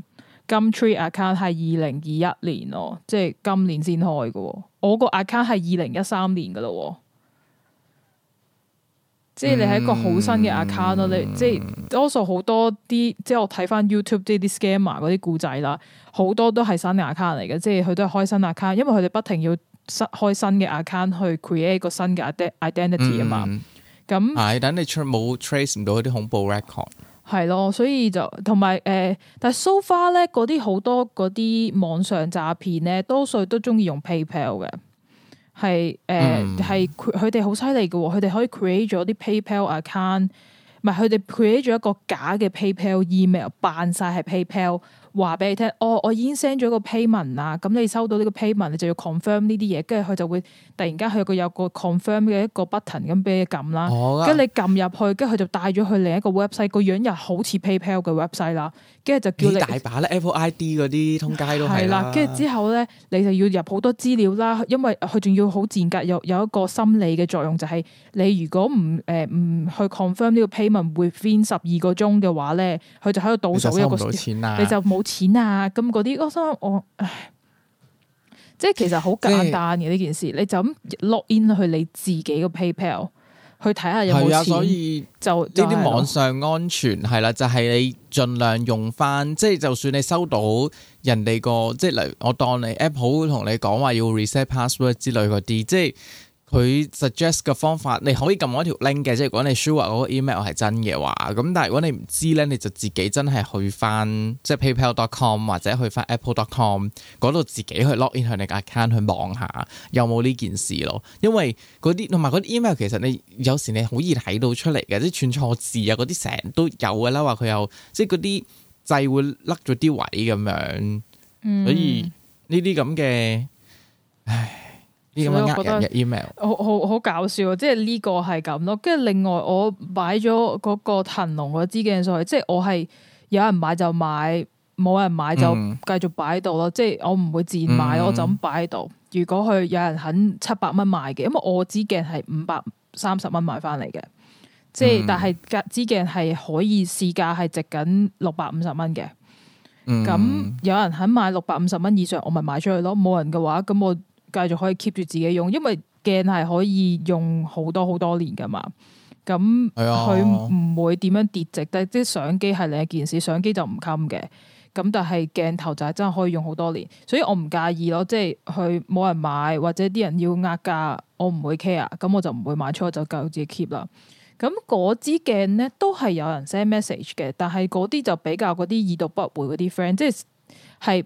Gumtree account 係二零二一年咯，即係今年先開嘅。我個 account 係二零一三年噶啦，即係你係一個好新嘅 account 咯，嗯。你即係、嗯、多數好多啲，即係我睇翻 YouTube 啲啲 scammer 嗰啲故仔啦，好多都係新 account 嚟嘅，即係佢都係開新 account，因為佢哋不停要開新嘅 account 去 create 個新嘅 identity 啊、嗯、嘛。咁、嗯，係等那你出冇 trace 唔到啲恐怖 record。係咯，所以就同埋誒，但係 so far 咧嗰啲好多嗰啲網上詐騙咧，多數都中意用 PayPal 嘅，係誒係佢哋好犀利嘅，佢哋，呃，嗯，可以 create 咗啲 PayPal account，唔係佢哋 create 咗一個假嘅 PayPal email，扮晒係 PayPal，話俾你聽，哦，我已經 send 咗個 payment 啦，咁你收到呢個 payment，你就要 confirm 呢啲嘢，跟住佢就會。突然間佢有個 confirm 嘅一個 button 咁俾你撳啦，跟住、哦啊、你撳入去，跟住佢就帶咗去另一個 website，個樣又好似 PayPal 嘅 website 啦，跟住就叫你大把咧 Apple ID 嗰啲通街都係啦。跟住之後咧，後呢 你就要入好多資料啦，因為佢仲要好賤格，有有一個心理嘅作用，就係你如果唔誒唔去 confirm 呢個 payment within 十二個鐘嘅話咧，佢就喺度倒數一個，你就冇錢啊，咁啲我心我即係其實好簡單嘅呢件事，就是、你就咁 login 去你自己個 PayPal 去睇下有冇錢。所以就呢啲網上安全係啦，就係、是、你盡量用翻。即係就算你收到人哋個，即係例如我當你 app 好同你講話要 reset password 之類嗰啲，即係。佢 suggest 個方法，你可以撳嗰條 link 嘅，即係如果你 show 嗰 email 係真嘅話，咁但係如果你唔知咧，你就自己真係去翻即係、就是、paypal dot com 或者去翻 apple dot com 嗰度自己去 log in 向你個 account 去望下有冇呢件事咯。因為嗰啲同埋嗰啲 email 其實你有時你好易睇到出嚟嘅，即串錯字啊嗰啲成日都有噶啦，話佢又，即係嗰啲掣會甩咗啲位咁樣，嗯、所以呢啲咁嘅，唉。所以我覺得好好好搞笑，即係呢個係咁咯。跟住另外，我擺咗嗰個騰龍個支鏡上去，即係我係有人買就買，冇人買就繼續擺喺度咯。嗯、即係我唔會賤賣，我就咁擺喺度。嗯、如果佢有人肯七百蚊買嘅，因為我支鏡係五百三十蚊買翻嚟嘅，即係但係隔支鏡係可以試價係值緊六百五十蚊嘅。咁、嗯、有人肯買六百五十蚊以上，我咪賣出去咯。冇人嘅話，咁我。繼續可以 keep 住自己用，因為鏡係可以用好多好多年噶嘛。咁佢唔會點樣跌值，即係相機係另一件事，相機就唔襟嘅。咁、嗯、但係鏡頭就係真係可以用好多年，所以我唔介意咯。即係佢冇人買，或者啲人要壓價，我唔會 care。咁我就唔會買錯，就夠自己 keep 啦。咁、嗯、嗰支鏡呢，都係有人 send message 嘅，但係嗰啲就比較嗰啲已讀不回嗰啲 friend，即係係。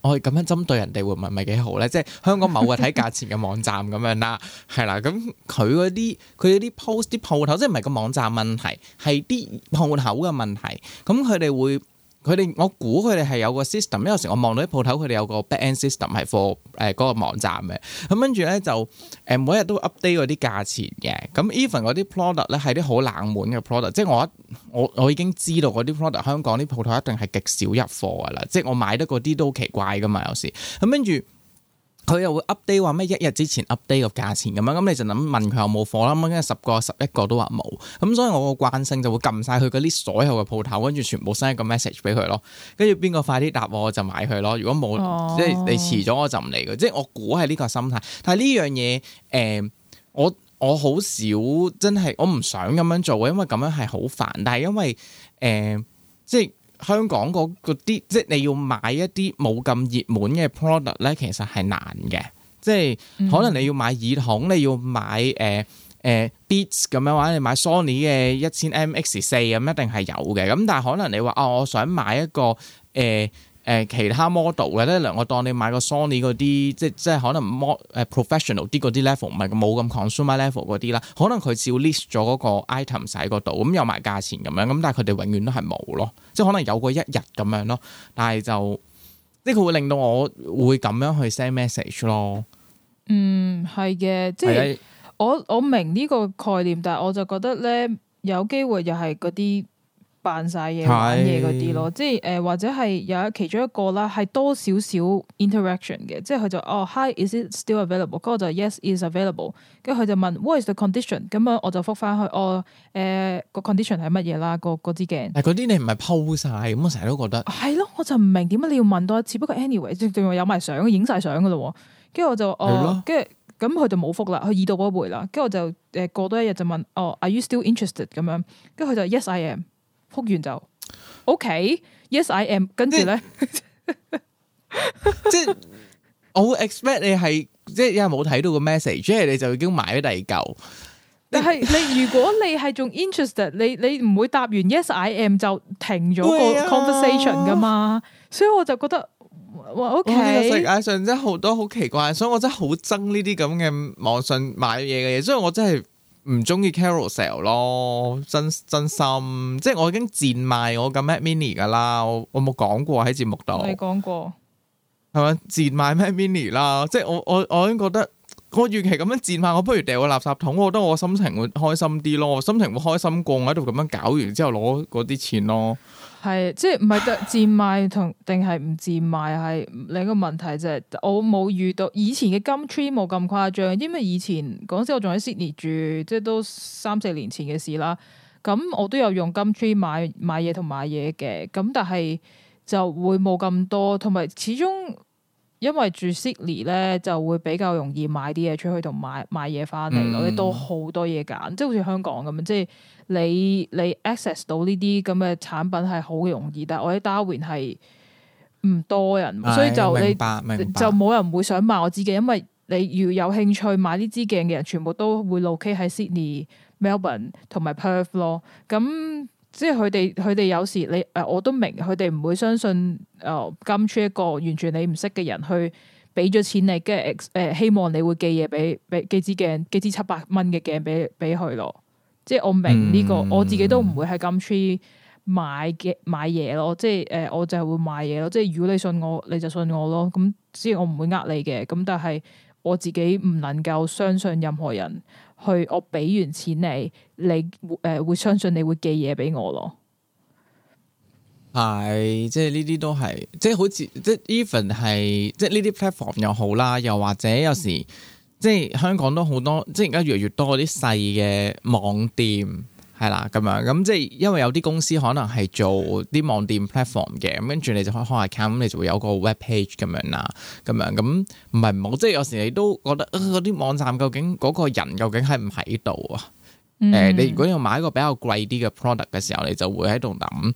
我哋咁樣針對人哋會唔係幾好咧？即係香港某個睇價錢嘅網站咁樣啦，係啦， 咁佢嗰啲佢嗰啲 post 啲鋪頭，即係唔係個網站問題，係啲鋪頭嘅問題，咁佢哋會。佢哋我估佢哋係有個 system，因為有時我望到啲鋪頭佢哋有個 back end system 係貨誒嗰個網站嘅，咁跟住咧就誒、呃、每日都 update 嗰啲價錢嘅，咁 even 嗰啲 product 咧係啲好冷門嘅 product，s, 即係我我我已經知道嗰啲 product s, 香港啲鋪頭一定係極少入貨噶啦，即係我買得嗰啲都好奇怪噶嘛有時，咁跟住。佢又會 update 話咩一日之前 update 個價錢咁樣，咁你就諗問佢有冇貨啦。咁跟十個十一個都話冇，咁所以我個慣性就會撳晒佢嗰啲所有嘅鋪頭，跟住全部 send 一個 message 俾佢咯。跟住邊個快啲答我，我就買佢咯。如果冇、哦、即係你遲咗我就唔嚟嘅。即係我估係呢個心態。但係呢樣嘢誒，我我好少真係我唔想咁樣做，因為咁樣係好煩。但係因為誒、呃、即係。香港嗰啲，即係你要買一啲冇咁熱門嘅 product 呢，其實係難嘅。即係可能你要買耳筒，你要買誒誒 beats 咁樣話，呃呃、ats，你買 Sony 嘅一千 MX 四咁，一定係有嘅。咁但係可能你話啊、哦，我想買一個誒。呃誒、呃、其他 model 嘅咧，例如我當你買個 Sony 嗰啲，即即可能 more professional 啲嗰啲 level，唔係冇咁 consumer level 嗰啲啦。可能佢只 list 咗嗰個 item 喺嗰度，咁有埋價錢咁樣，咁但係佢哋永遠都係冇咯，即可能有個一日咁樣咯。但係就即佢會令到我會咁樣去 send message 咯。嗯，係嘅，即的我我明呢個概念，但係我就覺得咧，有機會又係嗰啲。扮晒嘢玩嘢嗰啲咯，即係誒或者係有一其中一個啦，係多少少 interaction 嘅，即係佢就哦 Hi，is it still available？跟我就 Yes，is available。跟住佢就問 What is the condition？咁、哦呃、啊、嗯我，我就覆返去：「哦，誒個 condition 係乜嘢啦？個嗰支鏡嗰啲你唔係拋曬咁，我成日都覺得係咯，我就唔明點解你要問多一次。不過 anyway，最重要有埋相，影晒相噶咯喎。跟我就哦，跟住咁佢就冇覆啦，佢二度嗰回啦。跟住我就誒過多一日就問哦，Are you still interested？咁樣跟住佢就 Yes，I am。啊覆完就，OK，Yes、okay, I am，跟住咧即 ，即係我會 expect 你係即係因為冇睇到個 message，即係你就已經買咗第二嚿。但係你如果你係仲 interested，你你唔會答完 Yes I am 就停咗個 conversation 噶嘛？啊、所以我就覺得話 OK，世界上真係好多好奇怪，所以我真係好憎呢啲咁嘅網上買嘢嘅嘢，所以我真係。唔中意 Carousell 咯，真真心，即係我已經賤賣我個 Mac Mini 噶啦，我我冇講過喺節目度。你講過係咪？賤賣 Mac Mini 啦，即係我我我已經覺得，我預期咁樣賤賣，我不如掉個垃圾桶，我覺得我心情會開心啲咯，我心情會開心過，我喺度咁樣搞完之後攞嗰啲錢咯。係，即係唔係特自賣同定係唔自賣係另一個問題啫、就係。我冇遇到以前嘅 Gumtree 冇咁誇張，因為以前嗰陣時我仲喺 Sydney 住，即係都三四年前嘅事啦。咁我都有用 Gumtree 買買嘢同買嘢嘅，咁但係就會冇咁多，同埋始終。因為住 Sydney 咧，就會比較容易買啲嘢，出去同買買嘢翻嚟咯。嗯、你都多好多嘢揀，即係好似香港咁樣，即係你你 access 到呢啲咁嘅產品係好容易，但係我喺 Darwin 係唔多人，的所以就你就冇人會想買我支鏡，因為你要有興趣買呢支鏡嘅人，全部都會 locate 喺 Sydney、Melbourne 同埋 Perth 咯，咁。即係佢哋，佢哋有時你誒、呃，我都明，佢哋唔會相信誒，呃、Gumtree 一個完全你唔識嘅人去俾咗錢你，跟住、呃、誒希望你會寄嘢俾俾幾支鏡，幾支七百蚊嘅鏡俾俾佢咯。即係我明呢、這個，嗯、我自己都唔會喺 Gumtree 買嘅買嘢咯。即係誒、呃，我就係會賣嘢咯。即係如果你信我，你就信我咯。咁即係我唔會呃你嘅。咁但係我自己唔能夠相信任何人。去我俾完錢你，你誒、呃、會相信你會寄嘢俾我咯？係，即係呢啲都係，即係好似即係 even 係，即係呢啲 platform 又好啦，又或者有時、嗯、即係香港都好多，即係而家越嚟越多嗰啲細嘅網店。係啦，咁樣咁即係因為有啲公司可能係做啲網店 platform 嘅，咁跟住你就開開 account，咁你就會有個 web page 咁樣啦，咁樣咁唔係唔好。即係有時你都覺得嗰啲、呃、網站究竟嗰個人究竟係唔喺度啊？誒、嗯呃，你如果要買一個比較貴啲嘅 product 嘅時候，你就會喺度諗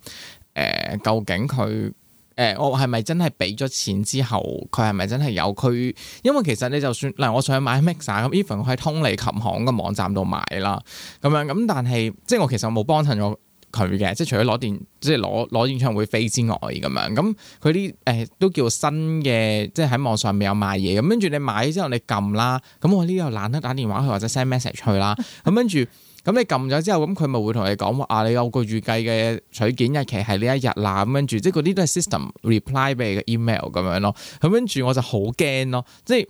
誒，究竟佢。誒，我係咪真係俾咗錢之後，佢係咪真係有區？因為其實你就算嗱，我想買 mixer 咁，even 我喺通利琴行個網站度買啦，咁樣咁，但係即係我其實我冇幫襯過佢嘅，即係除咗攞電，即係攞攞演唱會飛之外，咁樣咁，佢啲誒都叫新嘅，即係喺網上面有賣嘢咁，跟住你買之後你撳啦，咁我呢度懶得打電話去或者 send message 去啦，咁跟住。 咁你撳咗之後，咁佢咪會同你講話啊？你有個預計嘅取件日期係呢一日啦，啊。咁跟住，即係嗰啲都係 system reply 俾你嘅 email 咁樣咯。咁跟住我就好驚咯。即係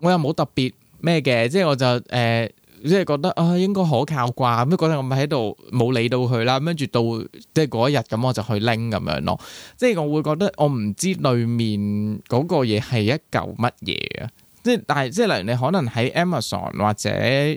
我又冇特別咩嘅，即係我就誒、呃，即係覺得啊，應該可靠啩。咁嗰陣我咪喺度冇理到佢啦。咁跟住到即係嗰一日，咁我就去拎咁樣咯。即係我會覺得我唔知裏面嗰個嘢係一嚿乜嘢啊！即係但係，即係例如你可能喺 Amazon 或者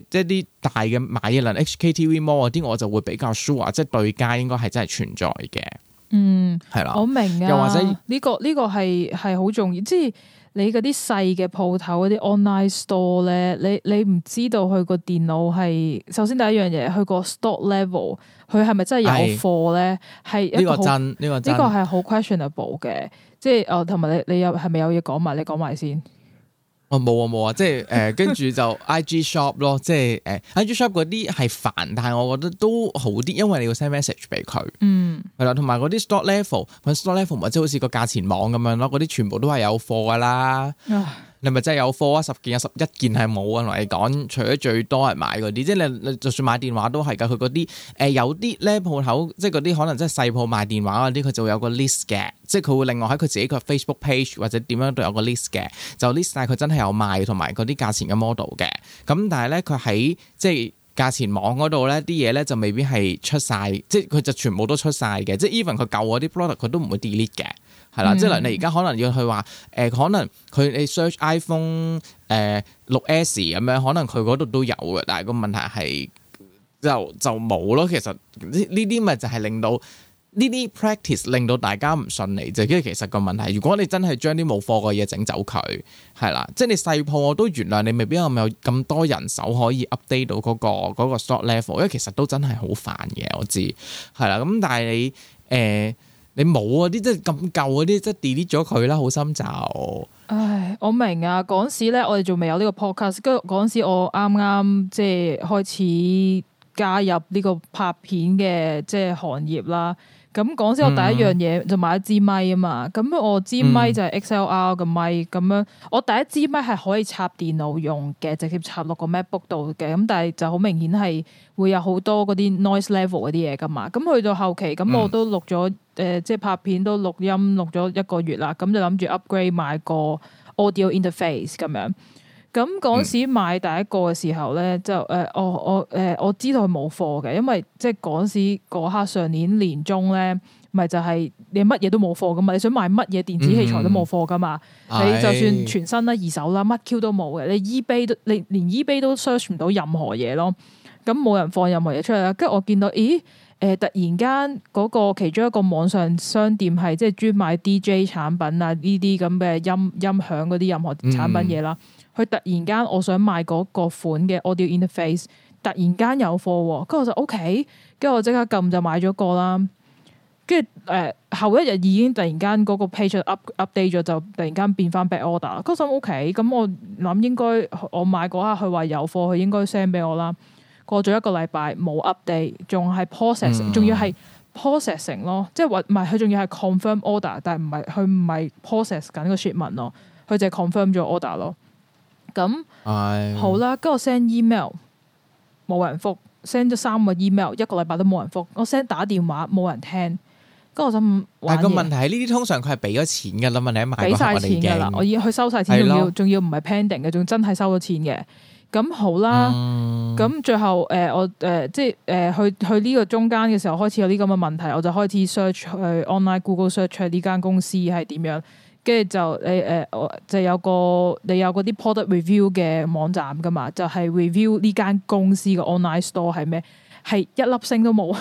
即係啲大嘅買，例如 HKTV Mall 嗰啲，我就會比較 sure，即係對街應該係真係存在嘅。嗯，係啦，我明啊。又或者呢個呢個係係好重要，即係你嗰啲細嘅鋪頭嗰啲 online store 咧，你你唔知道佢個電腦係首先第一樣嘢，佢個 stock level 佢係咪真係有貨咧？係呢個真呢個呢個係好 questionable 嘅，即係哦，同埋你你有係咪有嘢講埋？你講埋先。我冇啊冇啊，即係誒，呃、 跟住就 I G shop 咯，即係誒、呃、I G shop 嗰啲係煩，但係我覺得都好啲，因為你要 send message 俾佢，嗯，係啦，同埋嗰啲 stock level，搵 stock level 咪即係好似個價錢網咁樣咯，嗰啲全部都係有貨噶啦。你咪真係有貨啊！十件有十一件係冇啊！同你講，除咗最多係買嗰啲，即係你，你就算買電話都係㗎。佢嗰啲誒有啲咧鋪頭，即係嗰啲可能即係細鋪賣電話嗰啲，佢就會有個 list 嘅，即係佢會另外喺佢自己個 Facebook page 或者點樣都有個 list 嘅。就 list 但佢真係有賣同埋嗰啲價錢嘅 model 嘅。咁但係咧，佢喺即係價錢網嗰度咧啲嘢咧就未必係出晒，即係佢就全部都出晒嘅。即係 even 佢舊嗰啲 product 佢都唔會 delete 嘅。係啦，嗯、即係你而家可能要去話，誒、呃，可能佢你 search iPhone 誒、呃、六 S 咁樣，可能佢嗰度都有嘅，但係個問題係就就冇咯。其實呢啲咪就係令到呢啲 practice 令到大家唔信你啫。跟住其實個問題，如果你真係將啲冇貨嘅嘢整走佢，係、嗯、啦，即係你細鋪我都原諒你，未必有咁多人手可以 update 到嗰、嗰個、嗰個 shop level，因為其實都真係好煩嘅。我知係啦，咁但係你誒。呃你冇啊！啲即係咁舊嗰、啊、啲，即係 delete 咗佢啦，好心就。唉，我明啊！嗰陣時咧，我哋仲未有呢個 podcast，跟住嗰陣時我啱啱即係開始加入呢個拍片嘅即係行業啦。咁講先，嗯、我第一樣嘢就買一支咪啊嘛，咁我支咪就係 XLR 嘅咪。咁樣、嗯、我第一支咪係可以插電腦用嘅，直接插落個 MacBook 度嘅，咁但係就好明顯係會有好多嗰啲 noise level 嗰啲嘢噶嘛，咁去到後期咁我都錄咗，誒、嗯呃、即係拍片都錄音錄咗一個月啦，咁就諗住 upgrade 買個 audio interface 咁樣。咁嗰時買第一個嘅時候咧，就誒、呃哦，我我誒、呃，我知道佢冇貨嘅，因為即係嗰時嗰刻上年年中咧，咪就係、是、你乜嘢都冇貨噶嘛，你想買乜嘢電子器材都冇貨噶嘛，嗯、你就算全新啦、二手啦，乜 Q 都冇嘅，你 eBay 都你連 eBay 都 search 唔到任何嘢咯，咁冇人放任何嘢出嚟啦。跟住我見到，咦，誒、呃，突然間嗰個其中一個網上商店係即係專賣 DJ 產品啊，呢啲咁嘅音音響嗰啲任何產品嘢啦。嗯佢突然間，我想買嗰個款嘅 audio interface，突然間有貨，跟住我就 OK，跟住我即刻撳就買咗個啦。跟住誒後一日已經突然間嗰個 page up update 咗，就突然間變翻 back order。嗰陣 OK，咁我諗應該我買嗰刻佢話有貨，佢應該 send 俾我啦。過咗一個禮拜冇 update，仲係 processing，仲要係 processing 咯，嗯、即係話唔係佢仲要係 confirm order，但係唔係佢唔係 process 緊個 shipment 咯，佢就 confirm 咗 order 咯。咁那唉好啦，跟住 send email 冇人覆，send 咗三個 email 一個禮拜都冇人覆，我 send 打電話冇人聽，跟住我想玩玩，但係個問題係呢啲通常佢係俾咗錢噶啦，問題喺賣。俾晒錢噶啦，我要、呃呃、去收晒錢，仲要仲要唔係 pending 嘅，仲真係收咗錢嘅。咁好啦，咁最後誒，我誒即係誒去去呢個中間嘅時候開始有呢咁嘅問題，我就開始 search 去 online Google search 呢間公司係點樣。跟住就誒誒、呃，就有個你有嗰啲 product review 嘅網站㗎嘛，就係、是、review 呢間公司嘅 online store 係咩？係一粒星都冇，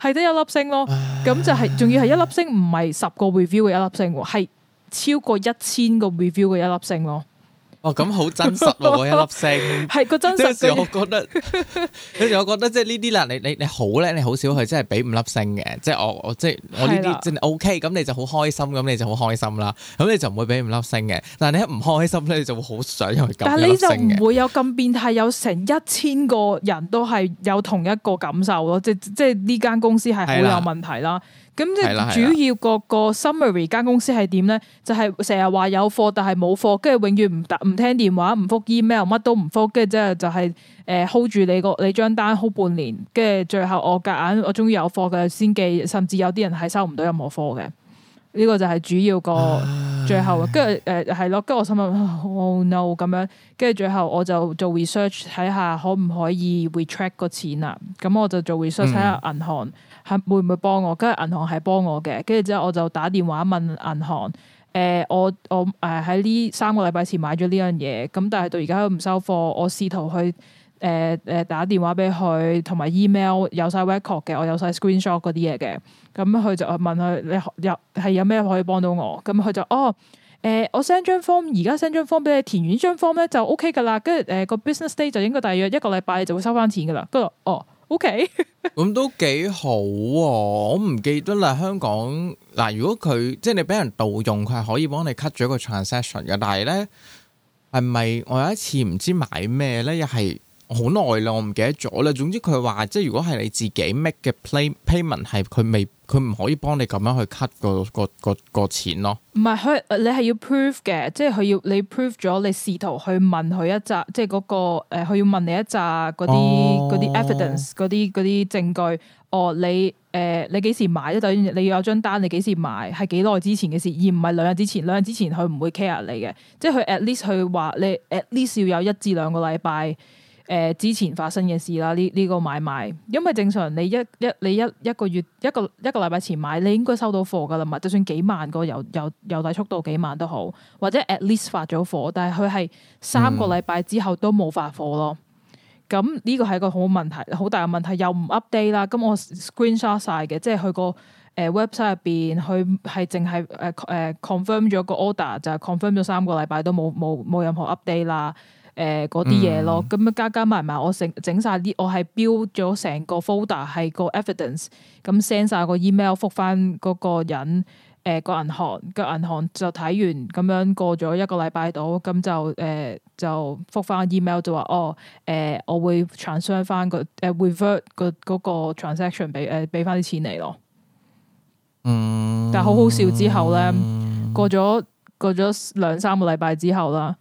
係 得一粒星咯。咁就係、是、仲要係一,一粒星，唔係十個 review 嘅一粒星，係超過一千個 review 嘅一粒星咯。 哦，咁好真實喎，一粒星。係、 個真實。跟住我覺得，跟住 我覺得即係呢啲啦。你你你好咧，你好少去即係俾五粒星嘅。即係我即我即係我呢啲正 O K，咁你就好開心，咁你就好開心啦。咁你就唔會俾五粒星嘅。但係你一唔開心咧，你就會好想去。但係你就唔會有咁變態，有成一千個人都係有同一個感受咯。即即係呢間公司係好有問題啦。咁即係主要個個 summary 間公司係點咧？就係成日話有貨，但係冇貨，跟住永遠唔答唔聽電話，唔覆 email，乜都唔覆跟住即係就係誒 hold 住你個你張單 hold 半年，跟住最後我夾硬我終於有貨嘅先寄，甚至有啲人係收唔到任何貨嘅。呢、這個就係主要個最後，跟住誒係咯，跟、呃、住我心諗 Oh no 咁樣，跟住最後我就做 research 睇下，可唔可以 retract 個錢啦。咁我就做 research 睇下銀行。嗯係會唔會幫我？跟住銀行係幫我嘅，跟住之後我就打電話問銀行。誒，我我誒喺呢三個禮拜前買咗呢樣嘢，咁但係到而家都唔收貨。我試圖去誒誒打電話俾佢，同埋 email 有晒 record 嘅，我有晒 screen shot 嗰啲嘢嘅。咁佢就問佢：你係有咩可以幫到我？咁佢就哦誒，我 send 張 form 而家 send 張 form 俾你，填完張 form 咧就 OK 㗎啦。跟住誒個 business day 就應該大約一個禮拜就會收翻錢㗎啦。跟住哦。OK，咁都幾好喎、哦！我唔記得啦。香港嗱，如果佢即係你俾人盜用，佢係可以幫你 cut 咗個 transaction 嘅。但係咧，係咪我有一次唔知買咩咧？又係好耐啦，我唔記得咗啦。總之佢話，即係如果係你自己 make 嘅 pay payment，係佢未。佢唔可以幫你咁樣去 cut、個、個個、個錢咯。唔係佢，你係要 prove 嘅，即係佢要你 prove 咗，你試圖去問佢一扎，即係嗰、個佢、呃、要問你一扎嗰啲嗰啲 evidence，嗰啲嗰啲證據。哦，哦，你誒、呃、你幾時買？即係等於你要有張單，你幾時買？係幾耐之前嘅事，而唔係兩日之前。兩日之前佢唔會 care 你嘅，即係佢 at least 佢話你 at least 要有一至兩個禮拜。誒、呃、之前發生嘅事啦，呢、這、呢個買賣，因為正常你一一你一一個月一個一個禮拜前買，你應該收到貨㗎啦嘛。就算幾慢個郵郵郵遞速度幾慢都好，或者 at least 發咗貨，但係佢係三個禮拜之後都冇發貨咯。咁呢、嗯、個係一個好問題，好大嘅問題，又唔 update 啦。咁、嗯、我 screen shot 晒嘅，即係佢個誒 website 入邊，佢係淨係誒誒 confirm 咗個 order，就係 confirm 咗三個禮拜都冇冇冇任何 update 啦。誒，嗰啲嘢咯，咁、嗯、樣加加埋埋，我整整晒啲，我係標咗成個 folder 係個 evidence，咁 send 晒個 email 覆翻嗰個人，誒個銀行個銀行就睇完，咁樣過咗一個禮拜度，咁就誒、呃、就覆翻 email 就話哦，誒、呃、我會 transfer 翻、呃、個誒 revert 個個 transaction 俾誒俾、呃、翻啲錢你咯。嗯。但係好好笑之後咧，過咗過咗兩三個禮拜之後啦。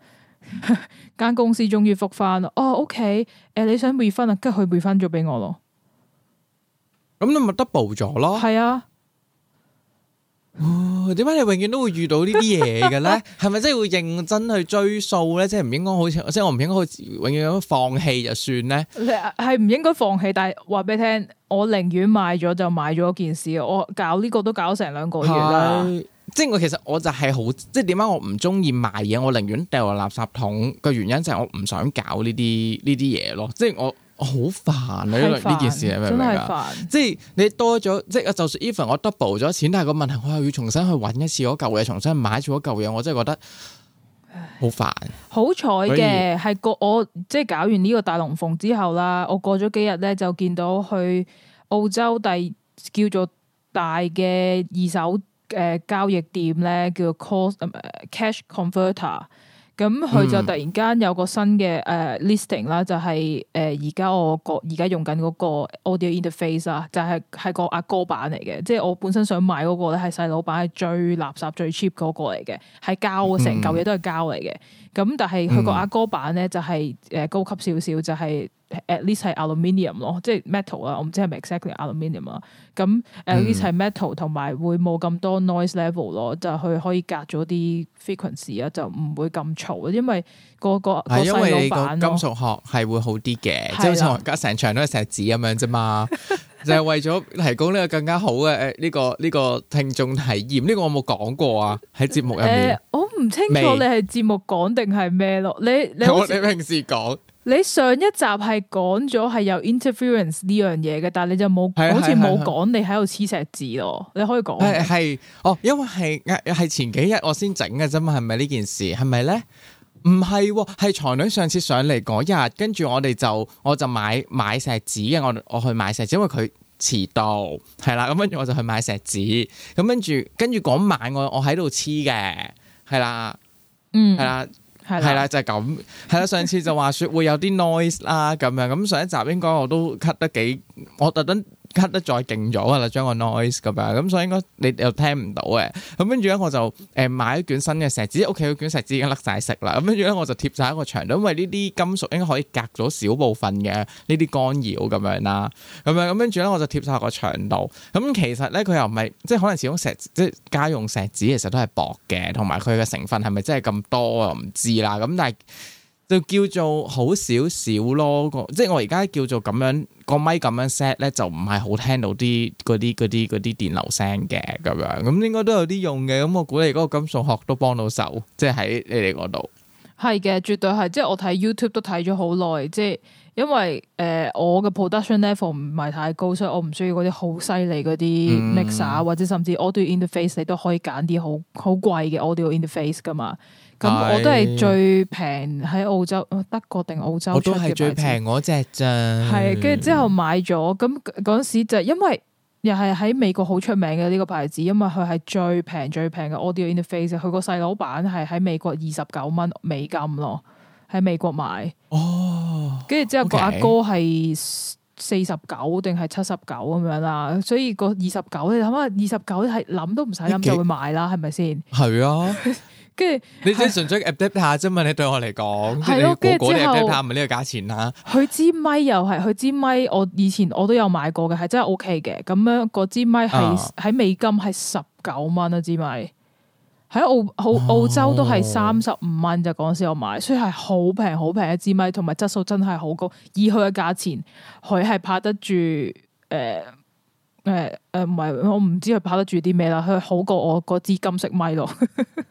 間 公司終於覆返啦，哦，OK，誒、呃，你想賠返啊，跟佢賠返咗俾我咯，咁你咪 double 咗咯，係啊，哇，點解你永遠都會遇到呢啲嘢嘅咧？係咪真係會認真去追數咧？即係唔應該好似，即係我唔應該永遠咁放棄就算咧？係唔應該放棄，但係話俾你聽，我寧願買咗就買咗件事，我搞呢個都搞成兩個月啦。即係，我其實我就係好即係，點解我唔中意賣嘢，我寧願掉落垃圾桶嘅原因就係我唔想搞呢啲呢啲嘢咯。即係我我好煩啊呢呢件事真係咪？唔明啊？即係你多咗即就算 even 我 double 咗錢，但係個問題，我又要重新去揾一次嗰舊嘢，重新買一次嗰舊嘢，我真係覺得好煩。唉幸好彩嘅係過我即係搞完呢個大龍鳳之後啦，我過咗幾日咧就見到去澳洲第叫做大嘅二手。誒、呃、交易店咧叫 Cos、呃、Cash Converter，咁佢就突然間有個新嘅誒 listing 啦，就係誒而家我個而家用緊嗰個 Audio Interface 啊，就係、是、係個阿哥版嚟嘅，即係我本身想買嗰個咧係細佬版，係最垃圾最 cheap 嗰個嚟嘅，係膠成嚿嘢都係膠嚟嘅。 咁、嗯、但係佢個阿哥版咧就係誒高級少少，就係、是、at least 係 al aluminium 咯、嗯，即係 metal 啦。我唔知係咪 exactly aluminium 啊。咁 at least 係 metal，同埋會冇咁多 noise level 咯，就佢可以隔咗啲 frequency 啊，就唔會咁嘈。因為、嗰個個係因為金屬殼係會好啲嘅，的即係好似隔成場都係石紙咁樣啫嘛。 就係為咗提供呢個更加好嘅呢、呢個呢、呢個聽眾體驗。呢、呢個我冇講過啊，喺節目入面。呃唔清楚你係節目講定係咩咯？你你，你平時講，你上一集係講咗係有 interference 呢樣嘢嘅，但係你就冇，是是是是好似冇講你喺度黐石子咯。是是是你可以講係哦，因為係係前幾日我先整嘅啫嘛，係咪呢件事係咪咧？唔係，係才女上次上嚟嗰日，跟住我哋就我就買買石子嘅，我我去買石子，因為佢遲到係啦，咁跟住我就去買石子，咁跟住跟住嗰晚我我喺度黐嘅。係啦 ，嗯，係啦，係 啦，就係咁，係 啦、嗯。 上次就話說會有啲 noise 啦、啊，咁樣咁上一集應該我都 cut 得幾，我特登。cut 得再勁咗㗎啦，將個 noise 咁樣，咁所以應該你又聽唔到嘅。咁跟住咧，我就誒買一卷新嘅石紙，屋企個卷石紙已經甩晒色啦。咁跟住咧，我就貼晒一個牆度，因為呢啲金屬應該可以隔咗少部分嘅呢啲干擾咁樣啦。咁樣咁跟住咧，我就貼晒個牆度。咁其實咧，佢又唔係即係可能始終石即係家用石紙，其實都係薄嘅，同埋佢嘅成分係咪真係咁多，我又唔知啦。咁但係。就叫做好少少咯，即係我而家叫做咁樣個咪，咁樣 set 咧，就唔係好聽到啲嗰啲嗰啲嗰啲電流聲嘅咁樣，咁應該都有啲用嘅。咁我估你嗰個金屬殼都幫到手，即係喺你哋嗰度係嘅，絕對係。即係我睇 YouTube 都睇咗好耐，即係因為誒我嘅 production level 唔係太高，所以我唔需要嗰啲好犀利嗰啲 mixer，或者甚至 audio interface 你都可以揀啲好好貴嘅 audio interface 噶嘛。咁我都係最平喺澳洲，德國定澳洲？都係最平嗰隻啫。係跟住之後買咗，咁嗰時就因為又係喺美國好出名嘅呢個牌子，因為佢係、這個、最平最平嘅 Audio Interface。佢個細佬版係喺美國二十九蚊美金咯，喺美國買。哦，跟住之後，okay 後個阿哥係四十九定係七十九咁樣啦，所以個二十九你諗下，二十九係諗都唔使諗就會買啦，係咪先？係啊。跟住，你只純粹 adapt 下啫嘛？你對我嚟講，係咯，個個都 adapt 下咪呢個價錢啦。佢支咪又係，佢支咪我以前我都有買過嘅，係真係 OK 嘅。咁樣嗰支咪係喺、啊、美金係十九蚊啊，支咪喺澳澳澳洲都係三十五蚊就嗰陣時，我買，哦、所以係好平好平一支咪，同埋質素真係好高。以佢嘅價錢，佢係拍得住誒誒誒，唔、呃、係、呃呃、我唔知佢拍得住啲咩啦。佢好過我嗰支金色咪咯。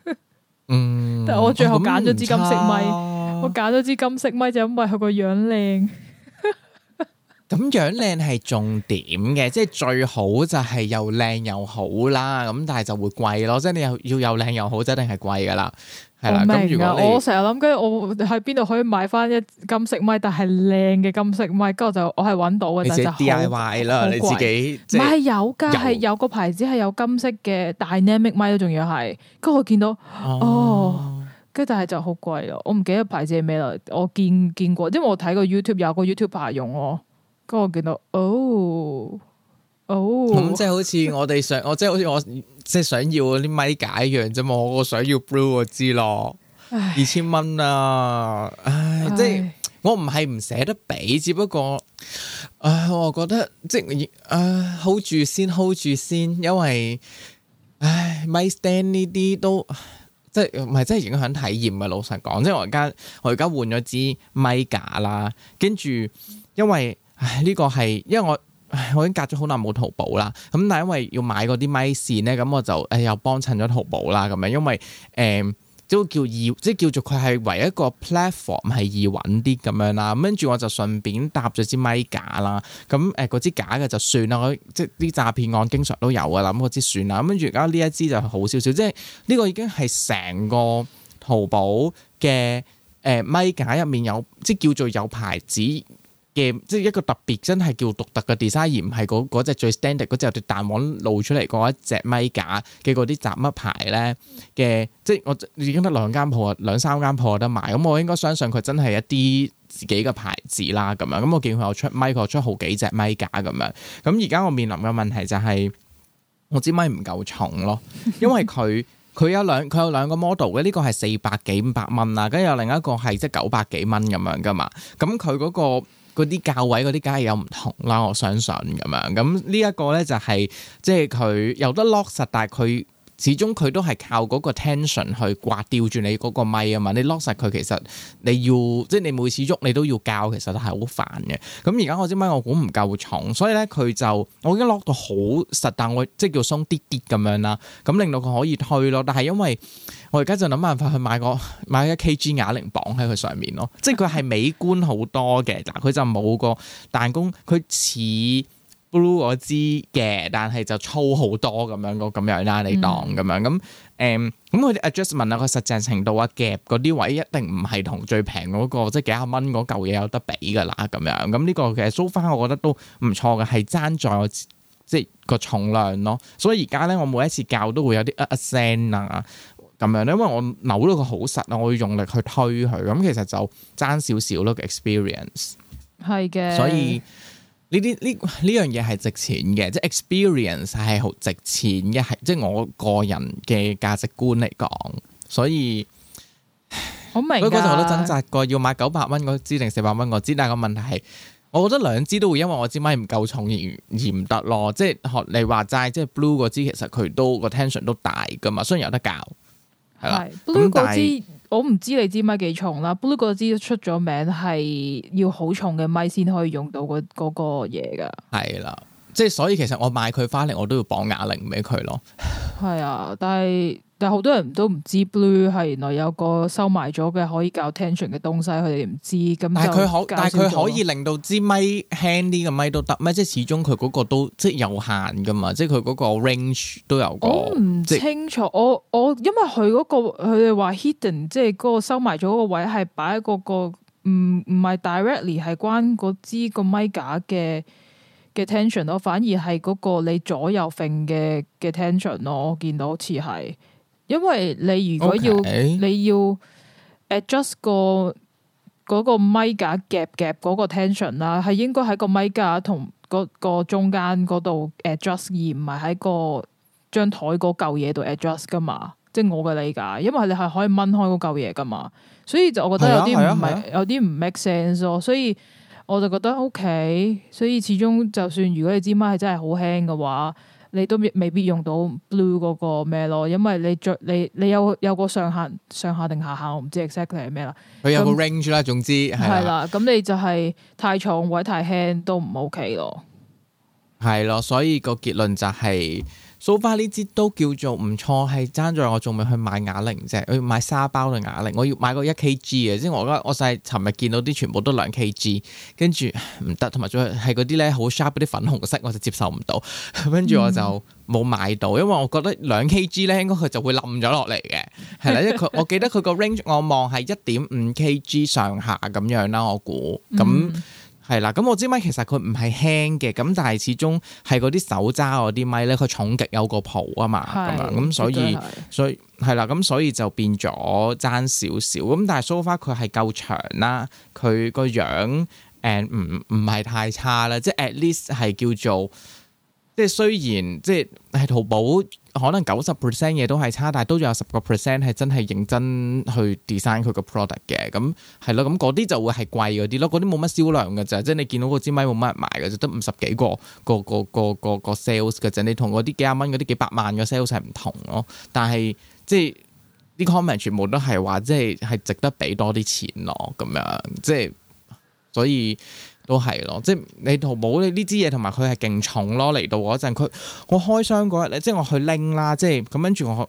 嗯，但係我最後揀咗支金色咪，啊啊、我揀咗支金色咪就因為佢個樣靚，咁 樣靚係重點嘅，即係最好就係又靚又好啦，咁但係就會貴咯，即係你又要又靚又好，就一定係貴噶啦。我明我成日諗，跟住我喺邊度可以買翻一金色咪？但係靚嘅金色咪？跟住就我係搵到嘅，但係就好貴啦。你自己買有噶，係有個牌子，係有金色嘅 Dynamic 咪都仲要係。跟住我見到哦，跟住、哦、但係就好貴咯。我唔記得牌子係咩啦。我見見過，因為我睇過 YouTube 有個 YouTuber 用咯。跟住我見到哦哦，咁即係好似我哋上， 我即係好似我。即係想要嗰啲咪架一樣啫嘛，我想要 blue 嗰支咯，唉，二千蚊啊！唉，唉即係我唔係唔捨得俾，只不過唉、呃，我又覺得即係唉，hold 住先，hold 住先，因為唉，咪 stand 呢啲都即係唔係真係影響體驗啊。老實講，即係我而家我而家換咗支咪架啦，跟住因為唉呢、這個係因為我。我已經隔咗好耐冇淘寶啦，咁但係因為要買嗰啲咪線咧，咁我就誒又幫襯咗淘寶啦，咁樣因為誒、呃，即係叫易，即係叫做佢係唯一一個 platform 係易揾啲咁樣啦。咁跟住我就順便搭咗支咪架啦，咁誒嗰支假嘅就算啦，即係啲詐騙案經常都有嘅啦，咁嗰支算啦。咁跟住而家呢一支就好少少，即係呢個已經係成個淘寶嘅誒咪架入面有，即係叫做有牌子。嘅即係一個特別真係叫獨特嘅 design 而唔係嗰嗰隻最 standard 嗰隻彈簧露出嚟嗰一隻咪架嘅嗰啲雜乜牌咧嘅，即係我已經兩間兩間得兩間鋪啊兩三間鋪有得賣，咁我應該相信佢真係一啲自己嘅牌子啦咁樣。咁我見佢有出咪佢出好幾隻咪架咁樣，咁而家我面臨嘅問題就係、是、我支咪唔夠重咯，因為佢佢 有兩佢有兩個 model 嘅，呢、這個係四百幾五百蚊啊，跟住有另一個係即係九百幾蚊咁樣噶嘛，咁佢嗰個。嗰啲教位嗰啲梗係有唔同啦，我相信咁樣咁呢一個咧就係、是、即係佢有得落實，但係佢。始終佢都係靠嗰個 tension 去掛吊住你嗰個咪啊嘛，你 lock 實佢其實你要即係你每次喐你都要教，其實都係好煩嘅。咁而家我支咪我估唔夠重，所以咧佢就我已經 lock 到好實，但我即係叫鬆啲啲咁樣啦，咁令到佢可以退咯。但係因為我而家就諗辦法去買個買一 kg 啞鈴綁喺佢上面咯，即係佢係美觀好多嘅嗱，佢就冇個彈弓，佢似。Blue 嗰支嘅，但係就粗好多咁樣個咁樣啦，你當咁樣咁，誒，咁佢 adjustment 啊，佢、嗯嗯那個、實際程度啊，夾嗰啲位一定唔係同最平嗰、那個即係、就是、幾十蚊嗰嚿嘢有得比噶啦，咁樣咁呢個其實 so far，我覺得都唔錯嘅，係爭在我即係個重量咯。所以而家咧，我每一次較都會有啲啊啊聲啊咁樣，因為我扭到佢好實啊，我要用力去推佢，咁其實就爭少少咯 experience。係嘅的，所以。呢啲呢呢樣嘢係值錢嘅，即係 experience 係好值錢嘅，係即係我個人嘅價值觀嚟講，所以好明。所以嗰陣我都掙扎過，要買九百蚊嗰支定四百蚊嗰支，但係個問題係，我覺得兩支都會因為我支咪唔夠重而而唔得咯。即係學你話齋，即係 blue 嗰支其實佢都個 tension 都大㗎嘛，雖然有得教係啦。咁但係。那枝 但我唔知你支咪幾重啦，Blue 嗰支出咗名係要好重嘅咪先可以用到嗰嗰個嘢㗎。係啦。即係所以，其實我買佢翻嚟，我都要綁啞鈴俾佢咯。係啊，但係但係好多人都唔知 Blue 係原來有個收埋咗嘅可以搞 tension 嘅東西，佢哋唔知。咁但係佢可，但係佢可以令到支咪輕啲嘅咪都得咩？即係始終佢嗰個都即係有限噶嘛，即係佢嗰個 range 都有講。唔清楚，即我我因為佢嗰、嗰個佢哋話 hidden，即係嗰個收埋咗個位係、嗯、擺喺個個唔唔係 directly 係關嗰支個咪架嘅。嘅 tension 咯，反而係嗰個你左右揈嘅嘅 tension 咯。Tension, 我見到好似係，因為你如果要 Okay. 你要 adjust 個嗰、嗰個咪架夾夾嗰個 tension 啦，係應該喺個咪架同嗰個中間嗰度 adjust，而唔係喺個張台嗰嚿嘢度 adjust 噶嘛。即係我嘅理解，因為你係可以掹開嗰嚿嘢噶嘛，所以就我覺得有啲唔係，啊啊啊、有啲唔 make sense 咯，所以。我就覺得 OK，所以始終就算如果你支咪係真係好輕嘅話，你都未必用到 blue 嗰個咩咯，因為你著你你有有個上限，上下定下下，我唔知 exactly 係咩啦。佢有個 range 啦、嗯，總之係啦。咁你就係太重或者太輕都唔 OK 咯。係咯，所以個結論就係、是。So far 呢支都叫做唔錯，係爭在我仲未去買啞鈴啫。我要買沙包嘅啞鈴，我要買個一 Kg 嘅。即係我而家我細尋日見到啲全部都兩 Kg，跟住唔得，同埋仲係嗰啲咧好 sharp 嗰啲粉紅色，我就接受唔到。跟住我就冇買到，因為我覺得兩 Kg 咧應該佢就會冧咗落嚟嘅，係啦。因為佢，我記得佢個 range，我望係一點五 Kg 上下咁樣啦，我估咁。係啦，咁我支咪其實佢唔係輕嘅，咁但係始終係嗰啲手揸嗰啲咪咧，佢重極有個譜啊嘛，咁是樣，咁所以，所以係啦，咁所以就變咗爭少少，咁但係 sofa 佢係夠長啦，佢個樣誒唔唔係太差啦，即係 at least 係叫做。即係雖然，即係喺淘寶可能九十 percent 嘢都係差，但係都有十個 percent 係真係認真去 design 佢個 product 嘅。咁係咯，咁嗰啲就會係貴嗰啲咯。嗰啲冇乜銷量噶咋，即係你見到嗰支咪冇乜人買噶，就得五十幾個個個個個個個 sales 噶咋。你同嗰啲幾廿蚊嗰啲幾百萬個 sales 係唔同咯。但係即係啲 comment 全部都係話，即係係值得俾多啲錢咯。咁樣即係所以。都係咯，即係你淘寶呢支嘢同埋佢係勁重咯，嚟到嗰陣佢我開箱嗰日咧，即係我去拎啦，即係咁跟住我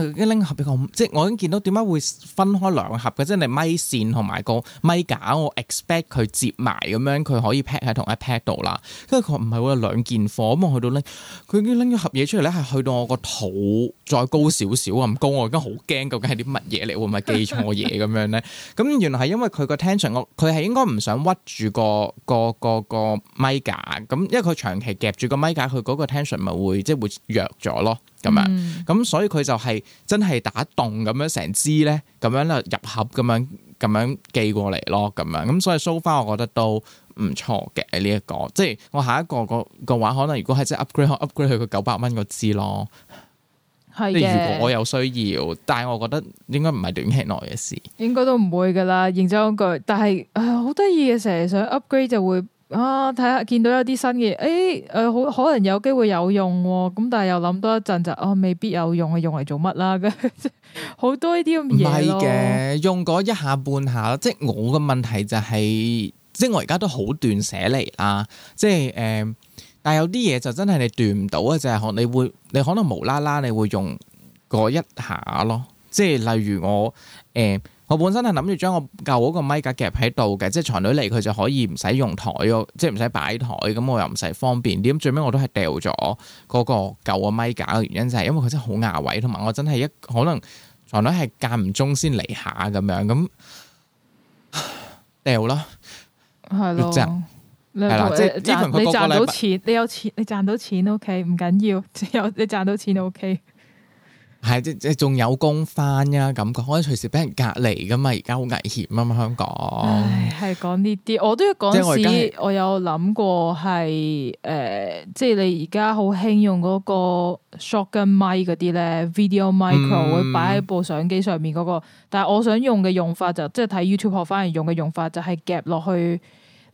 一拎盒俾佢，即係我已經見到點解會分開兩盒嘅，即係你咪線同埋個咪架，我 expect 佢接埋咁樣，佢可以 pack 喺同一 pack 度啦。跟住佢話唔係我有兩件貨，咁我去到拎，佢已經拎咗盒嘢出嚟咧，係去到我個肚，再高少少，咁高，我而家好驚，究竟係啲乜嘢嚟？我咪寄錯嘢咁樣咧？咁 原來係因為佢個 tension，佢係應該唔想屈住個個個個咪架，咁因為佢長期夾住個咪架，佢嗰個 tension 咪會即係、即係、會弱咗咯，咁樣。咁、嗯嗯、所以佢就係真係打洞咁樣成支咧，咁樣入盒咁樣，咁樣寄過嚟咯，咁樣。咁所以 so far 我覺得都唔錯嘅呢一個。即係我下一個、個、個話，可能如果係即係 upgrade，upgrade up 去個九百蚊個支咯。即係如果我有需要，但係我覺得應該唔係短期內嘅事，應該都唔會噶啦。認真咁講，但係誒，好得意嘅，成日想 upgrade，就會啊，睇下見到一啲新嘅，誒、欸，誒、呃，好可能有機會有用，啊，咁但係又諗多一陣就啊，未必有用，用嚟做乜啦，啊？即係好多呢啲咁嘢咯。係嘅，用過一下半下即係我嘅問題就係、是，即係我而家都好斷捨離啦。即係誒。呃但有啲嘢就真係你斷唔到啊！就係你會，你可能無啦啦你會用嗰一下咯。即係例如我，誒，我本身係諗住將我舊嗰個咪架夾喺度嘅，即係長女嚟佢就可以唔使用台咯，即係唔使擺台，咁我又唔使方便啲。咁最尾我都係掉咗嗰個舊個咪架嘅原因就係因為佢真係好牙位，同埋我真係一可能長女係間唔中先嚟下咁樣咁，掉啦，係咯。你賺到錢，是是你有錢，你賺到錢，O K，唔緊要，有、okay, 你賺到錢，O K。係即即仲有工翻呀、啊？感覺可以隨時俾人隔離噶嘛？而家好危險啊嘛！香港、啊，係講呢啲，我都要講。即我而家，我有諗過係誒、呃，即你而家好興用嗰個 shotgun mic 嗰啲咧 Video Micro，、嗯、會擺喺部相機上面嗰、那個。但係我想用嘅用法就是、即睇 YouTube，學返嚟用嘅用法就係夾落去。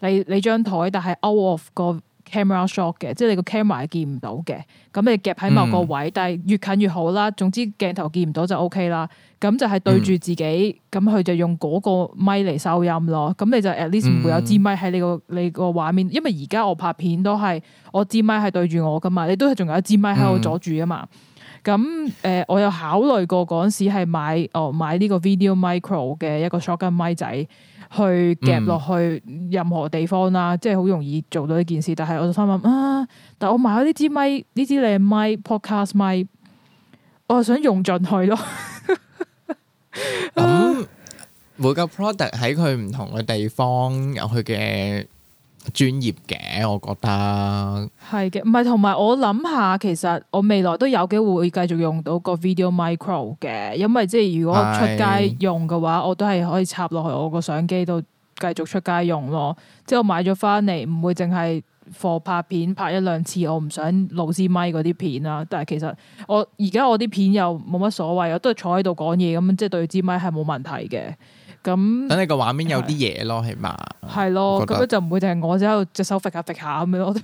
你你張台，但係 out of 個 camera shot 嘅，即係你個 camera 係見唔到嘅。咁你夾喺某個位，嗯、但係越近越好啦。總之鏡頭見唔到就 O K 啦。咁就係對住自己，咁佢、嗯、就用嗰個咪嚟收音咯。咁你就 at least 唔會有支咪喺你個、嗯、你個畫面，因為而家我拍片都係我支咪係對住我噶嘛，你都係仲有一支咪喺我阻住啊嘛。咁誒、嗯呃，我有考慮過嗰陣時係買哦買呢個 video micro 嘅一個 shotgun 咪仔。去夾落去任何地方啦，嗯、即係好容易做到呢件事。但係我就心諗啊，但係我買咗呢支咪，呢支靚咪 podcast 咪，我就想用盡去咯。咁、 啊嗯、每個 product 喺佢唔同嘅地方有佢嘅。專業嘅，我覺得係嘅，唔係，同埋我諗下，其實我未來都有機會繼續用到個 VideoMicro 嘅，因為即係如果出街用嘅話，的我都係可以插落去我個相機度繼續出街用咯。即係我買咗返嚟，唔會淨係 for 拍片拍一兩次，我唔想露支咪嗰啲片啦。但係其實我而家我啲片又冇乜所謂，我都係坐喺度講嘢咁，即係對支咪係冇問題嘅。咁等你個畫面有啲嘢咯，起碼係咯，咁樣就唔會淨係我喺度隻手揈下揈下咁樣咯。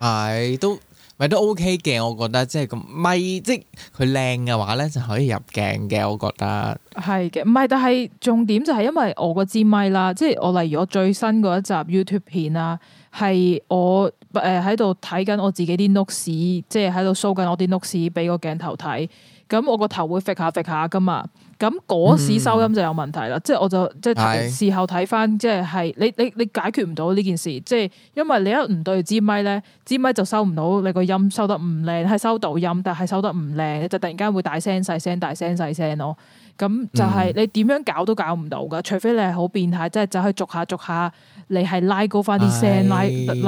係都咪 都,都 OK 嘅，我覺得即係個咪，即係佢靚嘅話咧，就可以入鏡嘅。我覺得係嘅，唔係，但係重點就係因為我個支咪啦，即係我例如我最新嗰一集 YouTube 片啦，係我誒喺度睇緊我自己啲 notes，即係喺度掃緊我啲 notes 俾個鏡頭睇，咁我個頭會揈下揈下噶嘛。咁嗰時收音就有問題啦，即係我就即係事後睇翻，即係係你你你解決唔到呢件事，即係因為你一唔對支咪咧，支咪，咪就收唔到你個音，收得唔靚，係收到音，但係收得唔靚，就突然間會大聲細聲、大聲細聲咯。咁、嗯、就係你點樣搞都搞唔到㗎，除非你係好變態，即係走去逐下逐下，你係拉高翻啲聲，是拉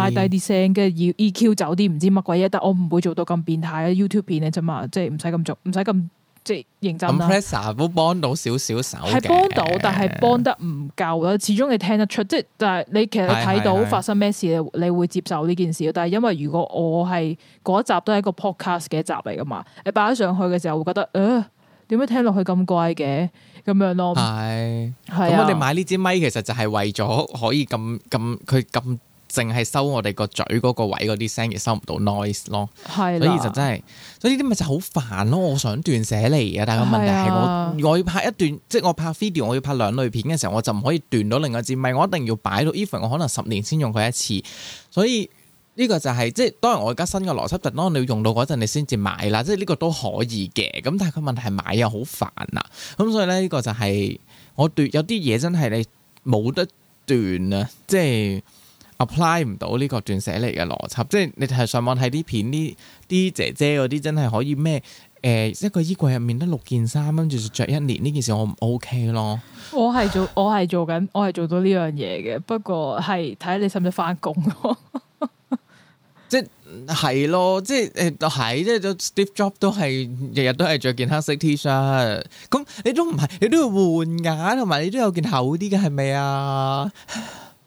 拉低啲聲嘅 EQ 走啲唔知乜鬼嘢，但我唔會做到咁變態啊！YouTube 片啊啫嘛，即係唔使咁做，唔使咁。即認真啦 i p r e s、嗯、s o r 都幫到少少手，係幫到， 但係幫得唔夠咯。始終你聽得出，即係但係你其實睇到發生咩事，你 你會接受呢件事。但係因為如果我係嗰一集都係一個 podcast 嘅一集嚟噶嘛，你擺咗上去嘅時候，會覺得誒，點、呃、解聽落去咁怪嘅咁樣咯？係，咁我哋買呢支咪，其實就係為咗可以咁咁佢咁。淨係收我哋個嘴嗰個位嗰啲聲，亦收唔到 noise 咯。係，是啦 所以就真係，所以呢啲咪就好煩咯。我想斷捨離啊，但係個問題係是、啊、我我要拍一段，即係我拍 video，我要拍兩類片嘅時候，我就唔可以斷到另外一支，咪我一定要擺到。even 我可能十年先用佢一次，所以呢個就係、是、即係。當然我而家新嘅邏輯，就當你要用到嗰陣，你先至買啦。即係呢個都可以嘅，咁但係個問題係買又好煩啊。咁所以咧，呢、這個就係、是、我斷有啲嘢真係你冇得斷啊，即係。apply 唔到呢個斷捨離嘅邏輯，即係你睇上網睇啲片，呢啲姐姐嗰啲真係可以咩？誒、呃，一個衣櫃入面得六件衫，跟住着一年呢件事，我唔 O K 咯。我係做，我係做緊，我係做，做到呢樣嘢嘅。不過係睇下你使唔使翻工咯。即係咯，即係誒，都係即係 Steve Jobs 都係日日都係着件黑色 t 恤，咁你都唔係，你都要換眼，同埋你都有件厚啲嘅，係咪啊？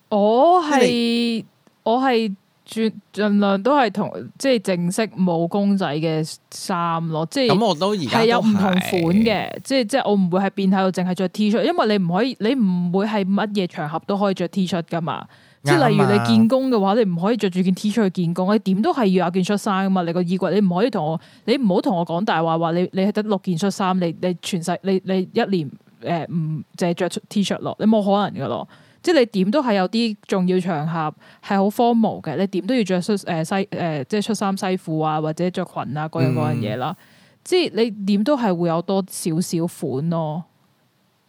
我係我係盡盡量都係同即係正式冇公仔嘅衫咯，即係咁我都而家係有唔同款嘅，即係即係我唔會喺變態度淨係着 T 恤，shirt, 因為你唔可以，你唔會係乜嘢場合都可以着 T 恤噶嘛。即係例如你見工嘅話，你唔可以着住件 T 恤去見工，你點都係要有件恤衫噶嘛。你個衣櫃，你唔可以同我，你唔好同我講大話話你你係得六件恤衫，你你全世你你一年誒唔淨係着 T 恤咯，你冇可能噶咯。即係你點都係有啲重要場合係好 formal 嘅，你點都要着、呃、出誒西誒即係出衫西褲啊，或者着裙啊嗰、嗯、樣嗰樣嘢啦。即係你點都係會有多少少款咯。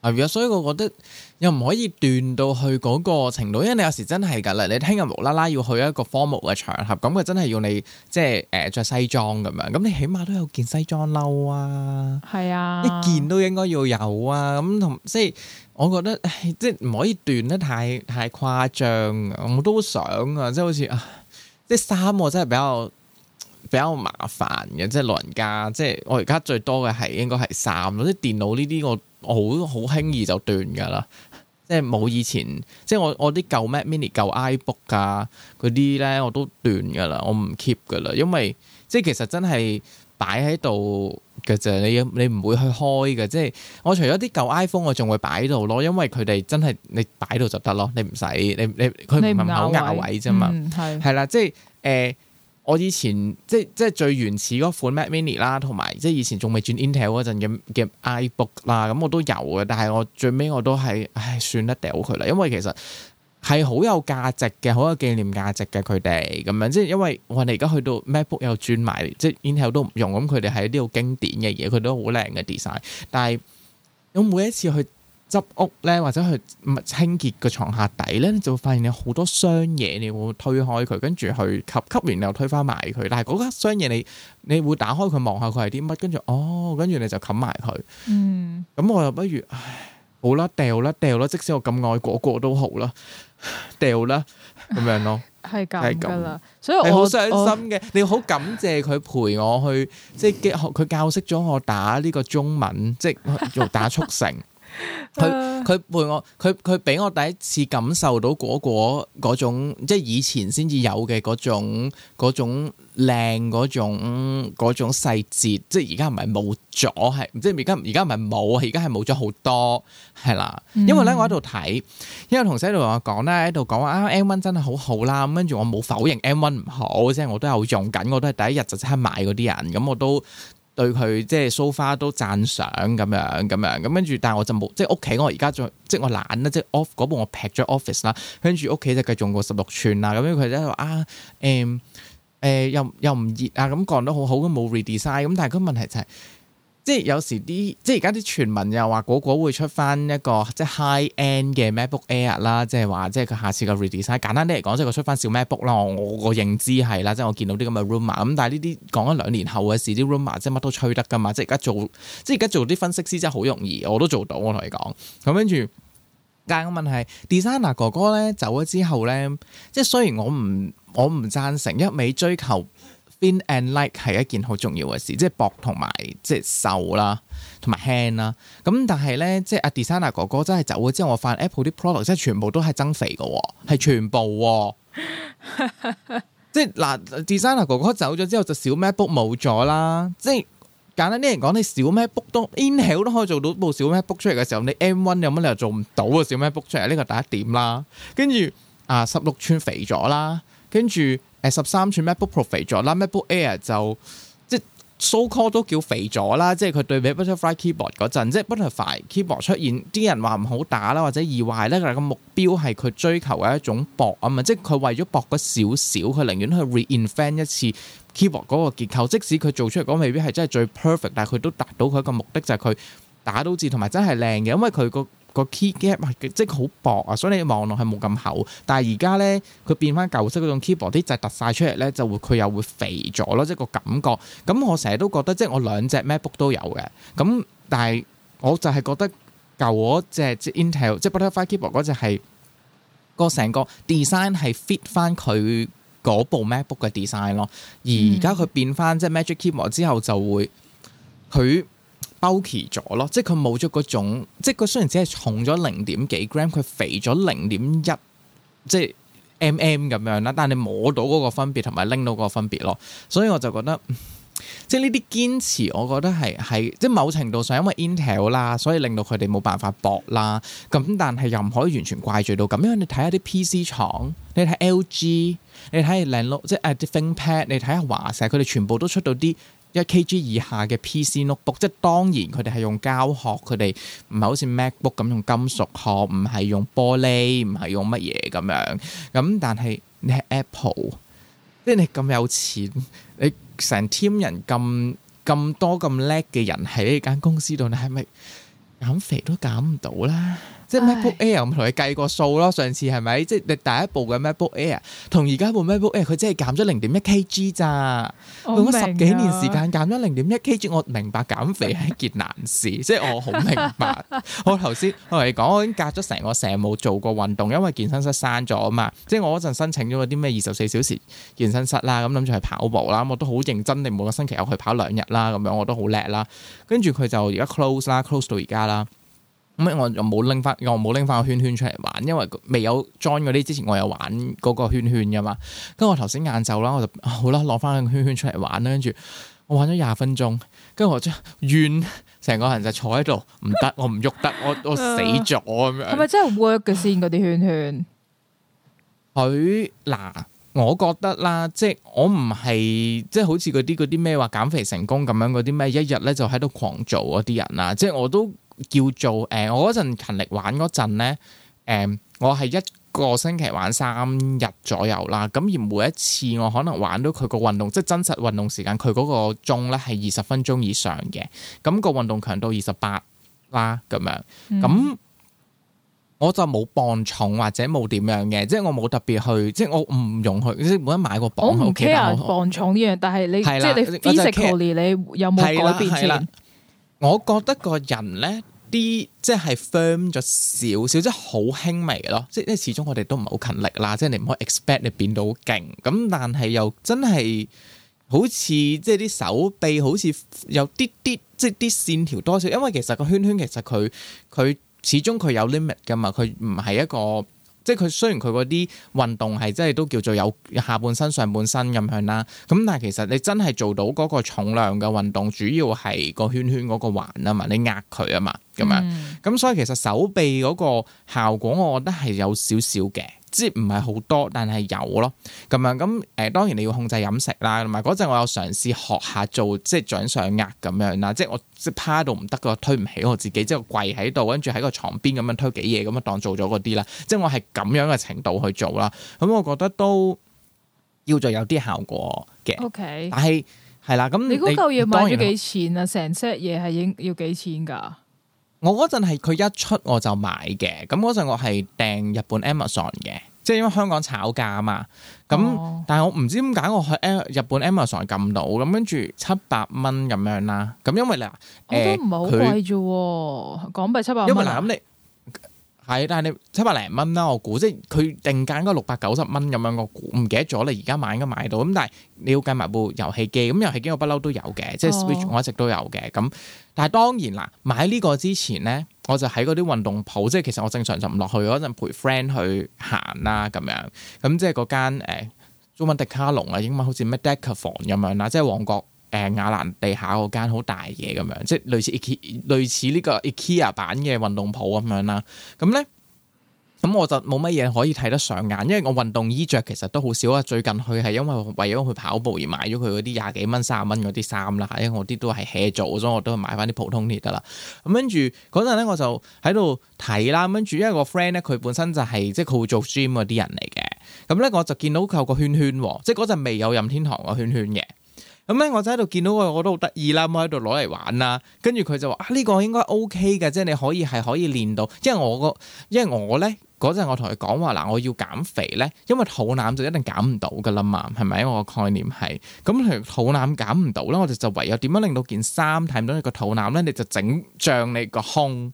係啊，所以我覺得。又唔可以斷到去嗰個程度，因為你有時真係㗎啦，你聽日無啦啦要去一個 formal 嘅場合，咁佢真係要你即係誒著西裝咁樣，咁你起碼都有件西裝褸啊，係啊，一件都應該要有啊，咁同即係我覺得即係唔可以斷得太太誇張啊，我都想啊，即係好似啊，即係衫我真係比較比較麻煩嘅，即係老人家，即係我而家最多嘅係應該係衫咯，即係電腦呢啲我好好，好輕易就斷㗎啦。即係冇以前，即係我我啲舊 Mac Mini 舊、舊 iBook 啊嗰啲咧，我都斷㗎啦，我唔 keep 㗎啦，因為即係其實真係擺喺度嘅啫，你你唔會去開嘅。即係我除咗啲舊 iPhone，我仲會擺喺度咯，因為佢哋真係你擺喺度就得咯，你唔使你你佢唔係礙位啫嘛，係係啦，即係誒。呃我以前即係即係最原始嗰款 Mac Mini 啦，同埋即係以前仲未轉 Intel 嗰陣嘅嘅 iBook 啦，咁我都有嘅。但係我最尾我都係唉，算得掉佢啦。因為其實係好有價值嘅，好有紀念價值嘅佢哋咁樣。即係因為我哋而家去到 MacBook 又轉埋，即係 Intel 都唔用，咁佢哋係一啲好經典嘅嘢，佢都好靚嘅 design。但係我每一次去執屋咧，或者去清潔個牀下底咧，你就會發現有好多箱嘢，你會推開佢，跟住去吸，吸完又推返埋佢。但係嗰個箱嘢，你你會打開佢望下佢係啲乜，跟住哦，跟住你就冚埋佢。嗯，咁我又不如唉，好啦，掉啦，掉啦，即使我咁愛嗰個都好啦，掉啦，咁樣咯，係咁，係咁啦，所以我好傷心嘅，你好感謝佢陪我去，即係佢教識咗我打呢個中文，即係做打速成。佢佢陪我，佢佢俾我第一次感受到果果嗰種，即係以前先至有嘅嗰種嗰種靚嗰種嗰種細節，即係而家唔係冇咗，係唔知而家而家唔係冇？而家係冇咗好多，係啦。因為咧，嗯、我喺度睇，因為同事喺度同我講咧，喺度講話啊，M one 真係好好啦。咁跟住我冇否認 M one 唔好，即係我都有用緊，我都係第一日就即刻買嗰啲人，咁我都。對，佢即係 so far 都讚賞，咁樣咁樣，咁跟住，但係我就冇即係屋企，我而家仲即係我懶啦，即係 off 部我劈咗 office 啦，跟住屋企就繼續用個十六寸啦，咁樣佢就喺度啊誒誒又又唔熱啊，咁、呃、講、呃呃啊、得好好，咁冇 redesign，咁但係個問題就係。即係有時啲，即係而家啲傳聞又話果果會出翻一個即係 high end 嘅 MacBook Air 啦，即係話即係佢下次個 redesign 簡單啲嚟講，即係佢出翻小 MacBook 啦。我個認知係啦，即係我見到啲咁嘅 rumor。咁但係呢啲講咗兩年後嘅事，啲 rumor 即係乜都吹得㗎嘛。即係而家做，即係而家做啲分析師真係好容易，我都做到。我同你講咁跟住，但係個問題，Designer 哥哥呢，走咗之後呢，即係雖然我唔我唔贊成一味追求。Thin and light 係一件好重要嘅事，即係薄同埋即係瘦啦，同埋輕啦。咁但係咧，即係阿 Designa 哥哥真係走咗之後，我發現 Apple 啲 product 即係全部都係增肥嘅、哦，係全部、哦。 即係嗱，Designa 哥哥走咗之後就小 MacBook 冇咗啦。即係簡單啲人講，你小 MacBook 都 Intel 都可以做到部小 MacBook 出嚟嘅時候，你 M1 有乜理由做唔到啊？小 MacBook 出嚟呢個第一點啦。跟住啊，十六寸肥咗啦，跟住。係十三寸 MacBook Pro 肥咗啦，MacBook Air 就即係 so call 都叫肥咗啦，即係佢對比 Butterfly Keyboard 嗰陣，即係 Butterfly Keyboard 出現，啲人話唔好打啦，或者意外咧，佢個目標係佢追求嘅一種搏啊嘛，即係佢為咗搏嗰少少，佢寧願去 reinvent 一次 Keyboard 嗰個結構，即使佢做出嚟講未必係真係最 perfect，但係佢都達到佢一個目的就係、是、佢打到字同埋真係靚嘅，因為佢個。個 keycap 即係好薄啊，所以你望落係冇咁厚。但係而家咧，佢變翻舊式嗰種 keyboard 啲就係凸曬出嚟咧，就會佢又會肥咗咯，即係個感覺。咁我成日都覺得，即係我兩隻 MacBook 都有嘅。咁但係，我就係覺得舊嗰隻即 Intel 即 butterfly keyboard 嗰隻係個成個 design 係 fit 翻佢嗰部 MacBook 嘅 design 咯。而家佢變翻即係 Magic Keyboard 之後就會佢。包奇咗咯，即係佢冇咗嗰種，即係佢雖然只係重咗零點幾 gram，佢肥咗零點一即係 mm 咁樣啦，但係你摸到嗰個分別同埋拎到個分別咯，所以我就覺得、嗯、即係呢啲堅持，我覺得係係即係某程度上，因為 Intel 啦，所以令到佢哋冇辦法搏啦。咁但係又唔可以完全怪罪到咁樣。你睇下啲 PC 廠，你睇 LG，你睇 Lenovo，即係啲 ThinkPad，你睇下華碩，佢哋全部都出到啲。一 Kg 以下嘅 PC notebook，即係當然佢哋係用膠殼，佢哋唔係好似 MacBook 咁用金屬殼，唔係用玻璃，唔係用乜嘢咁樣。咁、嗯、但係你係 Apple，即係你咁有錢，你成 team 人咁咁多咁叻嘅人喺呢間公司度，你係咪減肥都減唔到啦？即係 MacBook Air，唉我同你計過數咯。上次係咪即係你第一部嘅 MacBook Air，同 Mac 而家部 MacBook Air，佢真係減咗零點一 Kg 咋？用咗、啊、十幾年時間減咗零點一 Kg，我明白減肥係一件難事， 即係我好明白。 我頭先我同你講，我已經隔咗成個成日冇做過運動，因為健身室閂咗啊嘛。即係我嗰陣申請咗啲咩二十四小時健身室啦，咁諗住去跑步啦，我都好認真地每個星期我去跑兩日啦，咁樣我都好叻啦。跟住佢就而家 close 啦，close 到而家啦。咁我又冇拎翻，又冇拎翻個圈圈出嚟玩，因為未有 join 嗰啲之前，我有玩嗰個圈圈噶嘛。跟住我頭先晏晝啦，我就好啦，攞翻個圈圈出嚟玩啦。跟住我玩咗廿分鐘，跟住我就怨成個人就坐喺度，唔得，我唔喐得，我我死咗。呃，咁樣。係咪真係 work 嘅先嗰啲圈圈？佢嗱，我覺得啦，即係我唔係，即係好似嗰啲嗰啲咩話減肥成功咁樣嗰啲咩，一日咧就喺度狂做嗰啲人啊，即係我都。叫做誒、呃，我嗰陣勤力玩嗰陣咧，誒、呃，我係一個星期玩三日左右啦。咁而每一次我可能玩到佢個運動，即係真實運動時間，佢嗰個鐘咧係二十分鐘以上嘅。咁個運動強度二十八啦，咁樣咁，嗯、我就冇磅重或者冇點樣嘅，即係我冇特別去，即係我唔容許，冇得買個磅。我唔 care 磅重呢樣，但係我你啦即係你 physically、就是、你有冇改變先啦？我覺得個人咧，啲即係 firm 咗少少，即係好輕微咯。即係因為始終我哋都唔係好勤力啦，即係你唔可以 expect 你變到好勁。咁但係又真係好似即係啲手臂好點點，好似有啲啲即係啲線條多少。因為其實個圈圈其實佢佢始終佢有 limit 㗎嘛，佢唔係一個。即係佢雖然佢嗰啲運動係真係都叫做有下半身上半身咁樣啦，咁但係其實你真係做到嗰個重量嘅運動，主要係個圈圈嗰個環啊嘛，你壓佢啊嘛咁樣，咁所以其實手臂嗰個效果，我覺得係有少少嘅。即係唔係好多，但係有咯咁樣咁誒、呃，當然你要控制飲食啦，同埋嗰陣我有嘗試學下做即係掌上壓咁樣啦，即係我即係趴到唔得推唔起我自己，即係跪喺度，跟住喺個床邊咁樣推幾嘢，咁樣當做咗嗰啲啦。即係我係咁樣嘅程度去做啦。咁我覺得都要在有啲效果嘅。OK，但係係啦，咁你嗰嚿嘢賣咗幾錢啊？成 set 嘢係應要幾錢噶？我嗰陣係佢一出我就買嘅，咁嗰陣我係訂日本 Amazon 嘅，即係因為香港炒價嘛，咁、哦、但係我唔知點解我去誒日本 Amazon 撳到，咁跟住七百蚊咁樣啦，咁因為嗱，我都唔係好貴啫，港幣七百蚊。因為嗱。係，但係你七百零蚊啦，我估即係佢定價應該六百九十蚊咁樣，我估唔記得咗啦。而家買應該買到，咁但係你要計埋部遊戲機，咁遊戲機我不嬲都有嘅，即係 Switch 我一直都有嘅。咁、哦、但係當然啦，買呢個之前咧，我就喺嗰啲運動鋪，即係其實我正常就唔落去嗰陣陪 friend 去行啦咁樣，咁即係嗰間、呃、中文迪卡龍啊，英文好似咩 Decathlon 咁樣啦，即係旺角。誒雅、呃、蘭地下嗰間好大嘢咁樣，即係類似 i 類似呢個 IKEA 版嘅運動鋪咁樣啦。咁咧，咁我就冇乜嘢可以睇得上眼，因為我運動衣着其實都好少啊。最近去係因為為咗去跑步而買咗佢嗰啲廿幾蚊、三十蚊嗰啲衫啦。因為我啲都係 hea 做，所以我都買翻啲普通啲得啦。咁跟住嗰陣咧，我就喺度睇啦。跟住因為個 friend 咧，佢本身就係即係好會做 gym 嗰啲人嚟嘅。咁咧，我就見到佢有個圈圈，即係嗰陣未有任天堂個圈圈嘅。咁咧，我就喺度見到佢，我都好得意啦，咁喺度攞嚟玩啦。跟住佢就話：啊，呢個應該 OK 嘅，即係你可以係可以練到。因為我個因為我咧嗰陣，我同佢講話嗱，我要減肥咧，因為肚腩就一定減唔到噶啦嘛，係咪？我個概念係咁，嗯、肚腩減唔到咧，我哋就唯有點樣令到件衫睇唔到你個肚腩咧？你就整脹你個胸。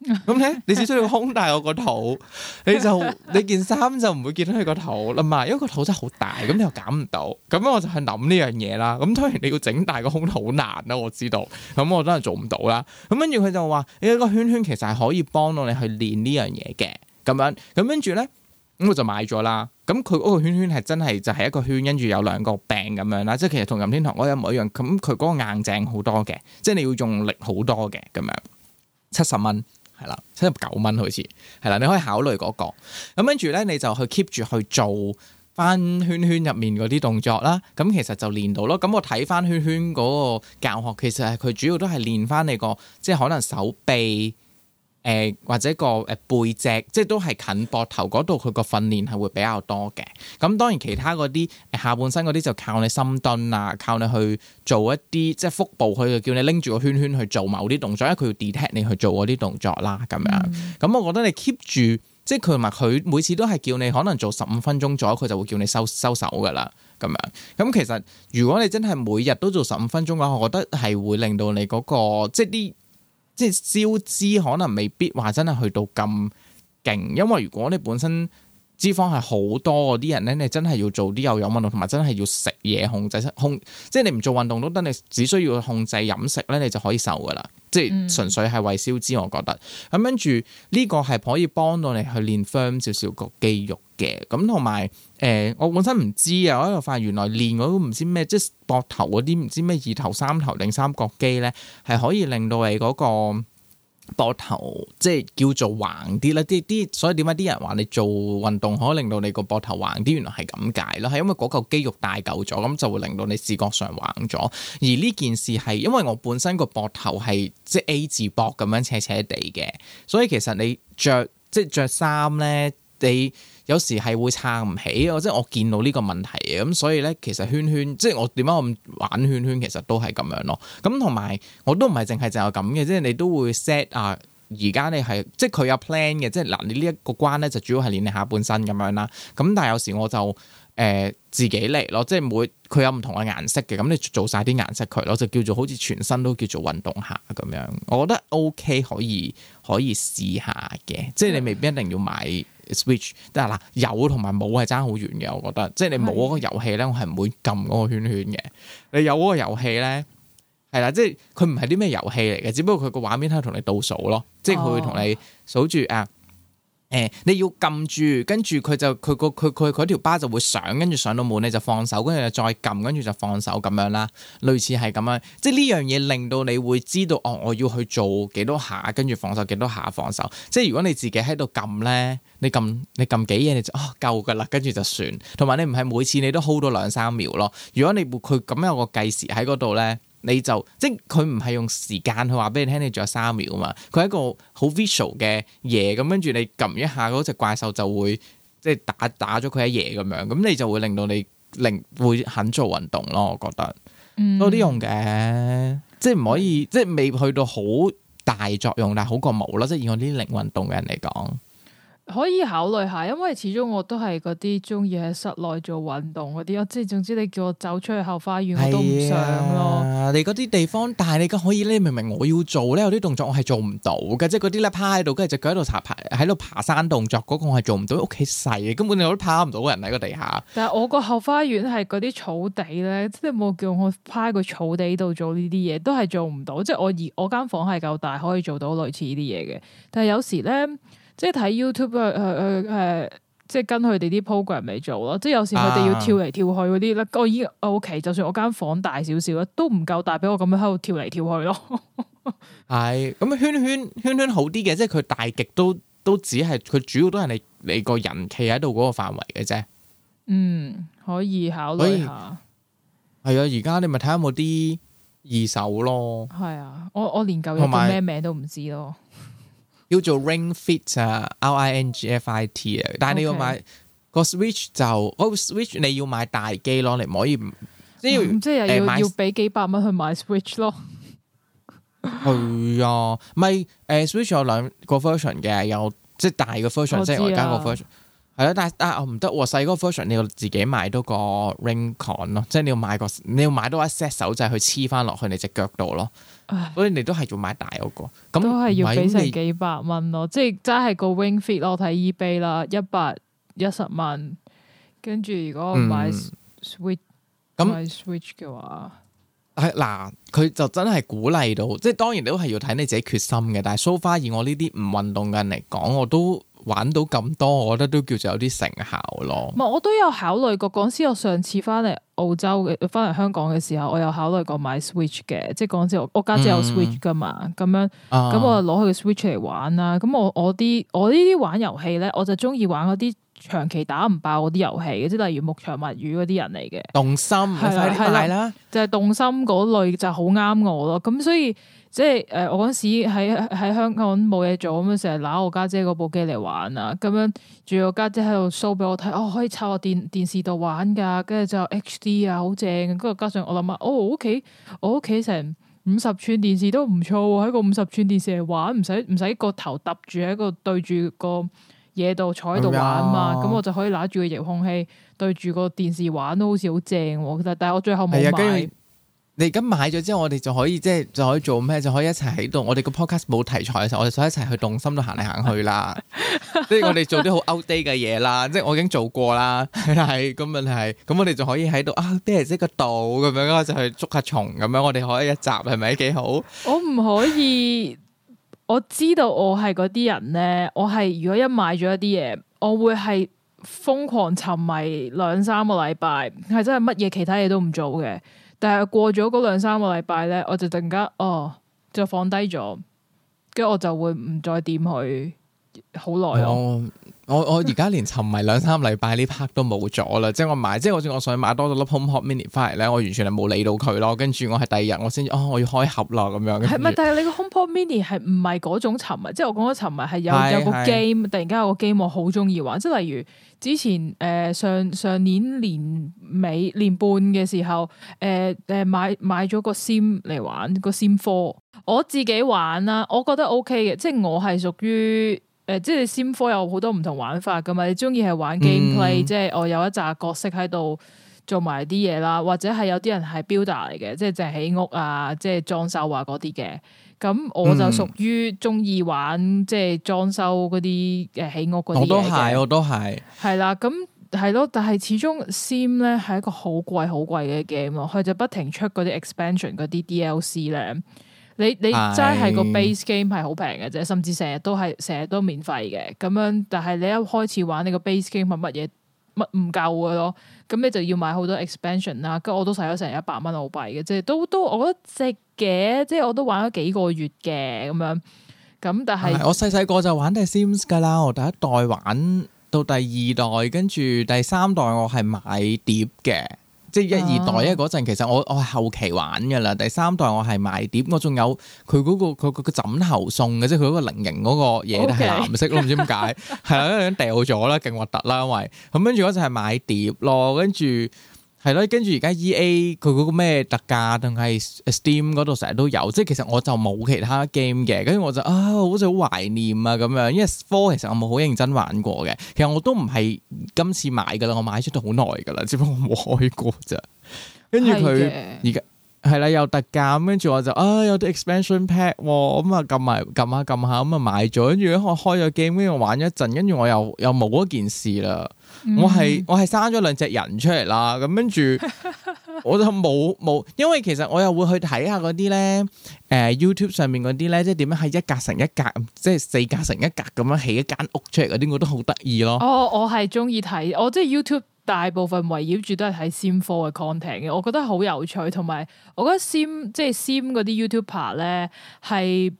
咁咧、 嗯，你只需要個胸大我個肚，你就你件衫就唔會見到佢個肚啦嘛，因為個肚真係好大，咁你又減唔到，咁樣我就去諗呢樣嘢啦。咁當然你要整大個胸好難啦，我知道，咁我真係做唔到啦。咁跟住佢就話，你有一個圈圈其實係可以幫到你去練呢樣嘢嘅，咁樣，咁跟住咧，咁我就買咗啦。咁佢嗰個圈圈係真係就係一個圈，跟住有兩個柄咁樣啦，即係其實同任天堂嗰個一模一樣，咁佢嗰個硬淨好多嘅，即係你要用力好多嘅咁樣，七十蚊。.係啦， 七十九蚊好似，係啦，你可以考慮嗰個。咁跟住咧，你就去 keep 住去做翻圈圈入面嗰啲動作啦。咁其實就練到咯。咁我睇翻圈圈嗰個教學，其實係佢主要都係練翻你個，即係可能手臂。誒、呃，或者個誒、呃、背脊，即係都係近膊頭嗰度，佢個訓練係會比較多嘅。咁當然其他嗰啲、呃、下半身嗰啲就靠你深蹲啊，靠你去做一啲即係腹部，佢就叫你拎住個圈圈去做某啲動作，因為佢要 detect 你去做嗰啲動作啦。咁樣，咁、嗯、我覺得你 keep 住，即係佢咪佢每次都係叫你可能做十五分鐘左右，佢就會叫你收收手噶啦。咁樣，咁其實如果你真係每日都做十五分鐘嘅話，我覺得係會令到你嗰、那個即係啲。即係燒脂，可能未必話真係去到咁勁，因為如果你本身脂肪係好多嗰啲人咧，你真係要做啲有氧運動，同埋真係要食嘢控制，控即係你唔做運動都得，你只需要控制飲食咧，你就可以瘦㗎喇。即係、嗯、純粹係為燒脂，我覺得咁跟住呢個係可以幫到你去練 firm 少少個肌肉嘅咁同埋誒，我本身唔知啊，我喺度發現原來練嗰啲唔知咩即係膊頭嗰啲唔知咩二頭三頭定三角肌咧，係可以令到你嗰、嗰個。膊頭即係叫做橫啲啦，啲啲，所以點解啲人話你做運動可以令到你個膊頭橫啲，原來係咁解咯，係因為嗰嚿肌肉大舊咗，咁就會令到你視覺上橫咗。而呢件事係因為我本身個膊頭係即係 A 字膊咁樣斜斜地嘅，所以其實你着，即係著衫咧，你。有時係會撐唔起，啊，即係我見到呢個問題，咁所以咧，其實圈圈即係我點解我咁玩圈圈，其實都係咁樣咯。咁同埋我都唔係淨係就咁嘅，即係你都會 set 啊。而家你係即係佢有 plan 嘅，即係嗱，你呢一個關咧就主要係練你下半身咁樣啦。咁但係有時我就誒、呃、自己嚟咯，即係每佢有唔同嘅顏色嘅，咁你做晒啲顏色佢咯，就叫做好似全身都叫做運動下咁樣。我覺得 OK 可以可以試下嘅，即係你未必一定要買。嗯 switch，但係有同埋冇係差好遠嘅，我覺得，即係你冇嗰個遊戲咧，的我係唔會撳嗰個圈圈嘅。你有嗰個遊戲咧，係啦，即係佢唔係啲咩遊戲嚟嘅，只不過佢個畫面都係同你倒數咯，即係佢會同你數住、哦、啊。誒、欸，你要撳住，跟住佢就佢個佢佢條巴就會上，跟住上到門你就放手，跟住又再撳，跟住就放手咁樣啦。類似係咁樣，即係呢樣嘢令到你會知道哦，我要去做幾多下，跟住放手幾多下放手，即係如果你自己喺度撳咧，你撳你撳幾嘢你就啊夠噶啦，跟、哦、住就算。同埋你唔係每次你都 hold 到兩三秒咯。如果你佢咁樣有個計時喺嗰度咧。你就即佢唔係用時間去，去話俾你聽你仲有三秒嘛。佢係一個好 visual 嘅嘢咁，跟住你撳一下嗰隻怪獸就會即係打打咗佢一嘢咁樣。咁你就會令到你令會肯做運動咯。我覺得都有啲用嘅，即係唔可以、嗯、即係未去到好大作用，但係好過冇啦。即係以我啲零運動嘅人嚟講。可以考慮下，因為始終我都係嗰啲中意喺室內做運動嗰啲，即係總之你叫我走出去後花園，我都唔想咯。哎、你嗰啲地方，但係你可以咧，明明？我要做咧，有啲動作我係做唔到嘅，即係嗰啲咧趴喺度，跟住隻腳喺度爬爬，喺度爬山動作嗰、嗰個我係做唔到，屋企細嘅根本我都趴唔到人喺個地下。但係我個後花園係嗰啲草地咧，即你冇叫我趴喺個草地度做呢啲嘢，都係做唔到。即係我而我間房係夠大，可以做到類似呢啲嘢嘅。但係有時咧。即係睇 YouTube 啊，誒誒，即係跟佢哋啲 program 嚟做咯。即係有時佢哋要跳嚟跳去嗰啲咧，我依 OK 就算我間房大少少啦，都唔夠大俾我咁樣喺度跳嚟跳去咯。係 咁、嗯，圈圈圈圈好啲嘅，即係佢大極都都只係佢主要都係你你個人企喺度嗰個範圍嘅啫。嗯，可以考慮下。係啊，而家你咪睇下冇啲二手咯。係啊，我我連舊日咩名都唔知咯。叫做 Ring Fit 啊，L I N G F I T 啊，但係你要買 Okay. 個 Switch 就，嗰個 Switch 你要買大機咯，你唔可以唔、嗯，即係要、呃、要俾買幾百蚊去買 Switch 咯。係 啊，唔係，誒、欸、Switch 有兩個 version 嘅，有即係大嘅 version，即係我而家個 version，係啊，但係但係我唔得，細嗰個 version 你要自己買多個 Ring Con 咯，即係你要買個你要買多一 set 手掣去黐翻落去你隻腳度咯。所以你都係要買大嗰個，都係要俾成幾百蚊，咯，即係真係個 wing fit 咯、e，睇 ebay 啦，一百一十蚊。跟住如果我買 switch，咁、嗯，買 switch 嘅話。嗯係嗱，佢、啊、就真係鼓勵到，即係當然都係要睇你自己決心嘅。但係 so far 以我呢啲唔運動嘅人嚟講，我都玩到咁多，我覺得都叫做有啲成效咯。唔係，我都有考慮過，講真，我上次翻嚟澳洲嘅，翻嚟香港嘅時候，我有考慮過買 Switch 嘅，即係講真，我，我家姐有 Switch 噶嘛，咁、嗯、樣，咁、嗯、我攞佢個 Switch 嚟玩啦。咁我我啲我遊戲呢啲玩遊戲咧，我就中意玩嗰啲。長期打唔爆嗰啲遊戲嘅，即例如牧場物語嗰啲人嚟嘅，動心係晒晒啦，就係動心嗰類就好啱我咯。咁所以即係誒，我嗰時喺喺香港冇嘢做，咁樣成日拿我家姐嗰部機嚟玩啊。咁樣仲有家姐喺度 show 俾我睇，哦，可以插落電電視度玩噶，跟住就 H D 啊，好正。跟住加上我諗下，哦，屋企我屋企成五十寸電視都唔錯，喺個五十寸電視嚟玩，唔使唔使個頭揼住喺個對住個。嘢度坐喺度玩嘛，咁、啊、我就可以拿住個遙控器對住個電視玩都好似好正，其實。但係我最後冇買。啊、你而家買咗之後，我哋就可以即係、就係、就可以做咩？就可以一齊喺度。我哋個 Podcast 冇題材嘅時候，我哋就可以一齊去動心度行嚟行去啦。即係 我哋做啲好 outday 嘅嘢啦。 即係我已經做過啦。係咁啊，係咁，我哋就可以喺度啊！咩即個度咁樣，就去捉下蟲咁樣。我哋可以一集係咪幾好？ 我唔可以。我知道我係嗰啲人咧，我係如果一買咗一啲嘢，我會係瘋狂沉迷兩三個禮拜，係真係乜嘢其他嘢都唔做嘅。但係過咗嗰兩三個禮拜咧，我就突然間哦，就放低咗，跟住我就會唔再掂佢好耐咯。 我我而家連沉迷兩三個禮拜呢 part 都冇咗啦，即係我買，即係好似我想買多咗粒 HomePod Mini 翻嚟咧，我完全係冇理到佢咯。跟住我係第二日我先，哦，我要開盒咯咁樣。係咪？但係你個 HomePod Mini 係唔係嗰種沉迷？即係我講嘅沉迷係有有個 game，< 是是 S 1> 突然間有個 game 我好中意玩。即係例如之前誒、呃、上上年年尾年半嘅時候，誒、呃、誒買買咗個 Sims 嚟玩個 Sims 4。我自己玩啦，我覺得 O K 嘅，即係我係屬於。.誒，即係 Sim 科有好多唔同玩法噶嘛，你中意係玩 gameplay、嗯、即係我有一紮角色喺度做埋啲嘢啦，或者係有啲人係 build 嚟、er、嘅，即係淨係起屋啊，即係裝修啊嗰啲嘅。咁我就屬於中意玩、嗯、即係裝修嗰啲誒起屋嗰啲都係，我都係。係啦，咁係咯，但係始終 Sim 咧係一個好貴，很貴、好貴嘅 game 咯，佢就不停出嗰啲 expansion、嗰啲 DLC 咧。你你真係個 base game 係好平嘅啫，甚至成日都係成日都免費嘅咁樣。但係你一開始玩你個 base game 乜乜嘢乜唔夠嘅咯，咁你就要買好多 expansion 啦。咁我都使咗成一百蚊澳幣嘅，即係都都我覺得值嘅。即係我都玩咗幾個月嘅咁樣。咁但係我細細個就玩啲 Sims 㗎啦，我第一代玩到第二代，跟住第三代我係買碟嘅。即係一二代咧嗰陣，其實我我係後期玩嘅啦，第三代我係買碟，我仲有佢嗰、嗰個佢佢枕頭送嘅，即係佢嗰個菱形嗰個嘢都係藍色咯，唔 Okay. 知點解，係啊，一樣掉咗啦，勁核突啦，因為咁跟住嗰陣係買碟咯，跟住。係啦，跟住而家 E A 佢嗰個咩特價，定係 Steam 嗰度成日都有。即係其實我就冇其他 game 嘅，跟住我就啊，好似好懷念啊咁樣。因為 Fall 其實我冇好認真玩過嘅，其實我都唔係今次買噶啦，我買咗都好耐噶啦，只不過我冇開過咋。跟住佢而家係啦，有特價，跟住我就啊，有啲 expansion pack 咁啊，撳埋撳下撳下，咁啊買咗。跟住我開咗 game，跟住我玩一陣，跟住我又又冇一件事啦。嗯、我係我係生咗兩隻人出嚟啦，咁跟住我就冇冇， 因為其實我又會去睇下嗰啲咧，誒、呃、YouTube 上面嗰啲咧，即係點樣係一格成一格，即係四格成一格咁樣起一間屋出嚟嗰啲，我都好得意咯。哦，我係中意睇，我即係 YouTube 大部分圍繞住都係睇 Sims 4嘅 content 嘅，我覺得好有，哦、有趣，同埋我覺得 Sims 即係 Sims 嗰啲 YouTuber 咧係。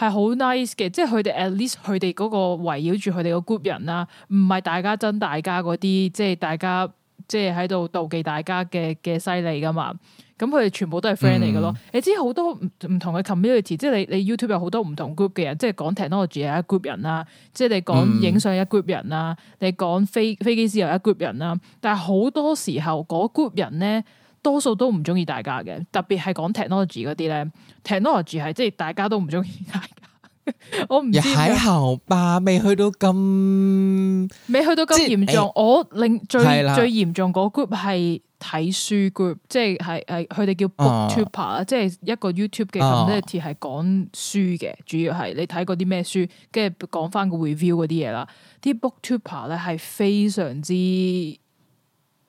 係好 nice 嘅，即係佢哋 at least 佢哋嗰個圍繞住佢哋個 group 人啦，唔係大家憎大家嗰啲，即係大家即係喺度妒忌大家嘅嘅犀利㗎嘛。咁佢哋全部都係 friend 嚟嘅咯。嗯、你知好多唔同嘅 community，即係你你 YouTube 有好多唔同 group 嘅人，即係講 technology 又一 group 人啦，即係你講影相一 group 人啦，嗯、你講飛飛機師又一 group 人啦。但係好多時候嗰 group 人咧。多數都唔中意大家嘅，特別係講 technology 嗰啲咧，technology 係即係大家都唔中意大家。 我唔知，喺校霸未去到咁，未去到咁嚴重。誒我令最最嚴重嗰 group 係睇書 group，即係係係佢哋叫 booktuber、啊、即係一個 YouTube 嘅 content 係講書嘅，啊、主要係你睇過啲咩書，跟住講翻個 review 嗰啲嘢啦。啲 booktuber 咧係非常之，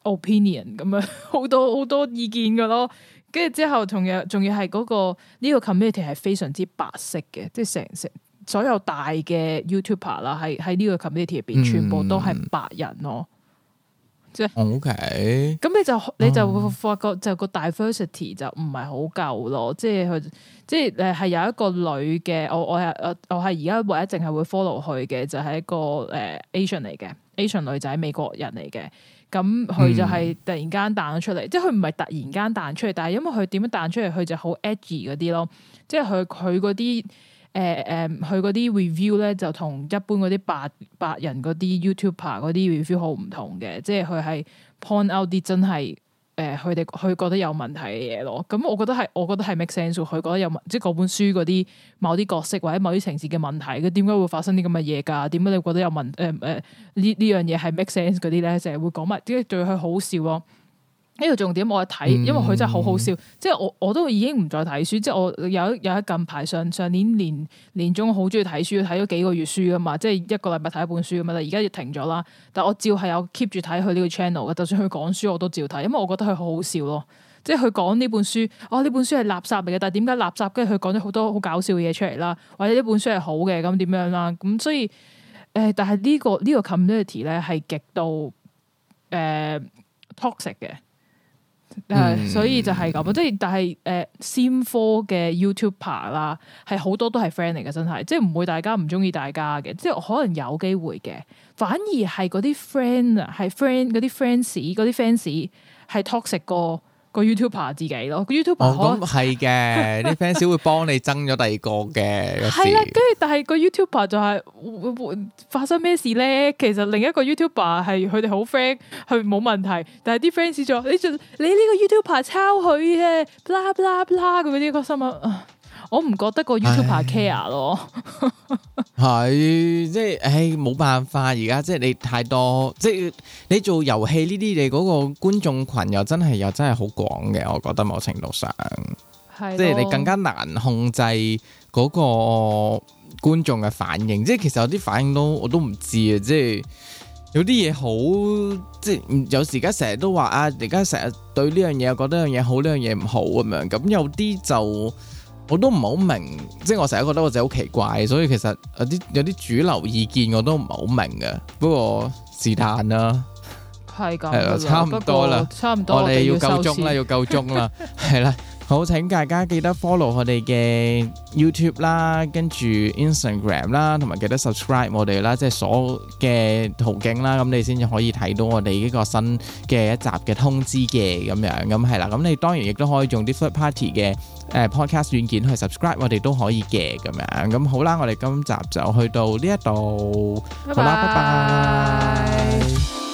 opinion 咁樣好多好多意見噶咯，跟住之後，同樣仲要係嗰個呢個 committee 係非常之白色嘅，即係成成所有大嘅 YouTuber 啦，喺喺呢個 committee 入邊，全部都係白人咯。嗯、即係 O K，咁你就、嗯、你就會發覺就個 diversity 就唔係好夠咯，即係佢即係誒係有一個女嘅，我我我我係而家一直淨係會 follow 佢嘅，就係、是、一個誒、呃、Asian 嚟嘅 Asian 女仔，美國人嚟嘅。咁佢就係突然間彈咗出嚟，嗯、即係佢唔係突然間彈出嚟，但係因為佢點樣彈出嚟，佢就好 edgy 嗰啲咯。即係佢佢嗰啲誒誒，佢嗰啲、呃呃、review 咧就同一般嗰啲白白人嗰啲 YouTuber 嗰啲 review 好唔同嘅。即係佢係 point out 啲真係。誒，佢哋佢覺得有問題嘅嘢咯，咁我覺得係，我覺得係 make sense。佢覺得有問題，即嗰本書嗰啲某啲角色或者某啲情節嘅問題，佢點解會發生啲咁嘅嘢噶？點解你覺得有問題？誒、呃、誒，呢呢樣嘢係 make sense 嗰啲咧，成、就、日、是、會講埋，即解對佢好笑咯？呢個重點，我一睇，因為佢真係好好笑。嗯嗯、即係我我都已經唔再睇書。即係我有有喺近排上上年年年中，好鍾意睇書，睇咗幾個月書㗎嘛。即係一個禮拜睇一本書咁樣。而家亦停咗啦。但我照係有 keep 住睇佢呢個 channel 嘅。就算佢講書，我都照睇，因為我覺得佢好好笑咯。即係佢講呢本書，哦呢本書係垃圾嚟嘅，但係點解垃圾？跟住佢講咗好多好搞笑嘅嘢出嚟啦，或者呢本書係好嘅咁點樣啦。咁、嗯、所以誒、呃，但係呢、這個呢、這個這個 community 咧係極度誒、呃、toxic 嘅。誒、 呃，所以就係咁，即係但係誒，先、呃、科嘅 YouTuber 啦，係好多都係 friend 嚟嘅，真係，即係唔會大家唔中意大家嘅，即係可能有機會嘅。反而係嗰啲 friend 啊，係 friend 嗰啲 fans，嗰啲 fans 係 toxic 㗎。個 youtuber 自己咯，個 youtuber 係嘅啲 fans 會幫你爭咗第二個嘅係啦，跟住但係個 youtuber 就係會會發生咩事咧？其實另一個 youtuber 係佢哋好 friend 佢冇問題但係啲 fans 就話你盡你呢個 youtuber 抄佢嘅 bla bla bla 咁樣呢個新聞啊。我唔覺得個 YouTuber care 咯，係即係唉冇辦法，而家即係你太多，即係你做遊戲呢啲，你嗰個觀眾群又真係又真係好廣嘅。我覺得某程度上，的即係你更加難控制嗰個觀眾嘅反應。即係其實有啲反應都我都唔知啊，即係有啲嘢好，即係有，有時而家成日都話啊，而家成日對呢樣嘢又覺得呢樣嘢好，呢樣嘢唔好咁樣。咁有啲就。我都唔係好明，即係我成日覺得我自己好奇怪，所以其實有啲有啲主流意見我都唔係好明嘅。不過試探啦，係咁、啊，係啦， 差唔多啦，差唔多，我哋要夠鐘啦， 要夠鐘啦，係啦。 好，請大家記得 follow 我哋嘅 YouTube 啦，跟住 Instagram 啦，同埋記得 subscribe 我哋啦，即係所有嘅途徑啦，咁你先至可以睇到我哋呢個新嘅一集嘅通知嘅咁樣，咁係啦，咁你當然亦都可以用啲 third party 嘅誒 Podcast 軟件去 subscribe 我哋都可以嘅咁樣，咁好啦，我哋今集就去到呢一度，好啦，拜拜。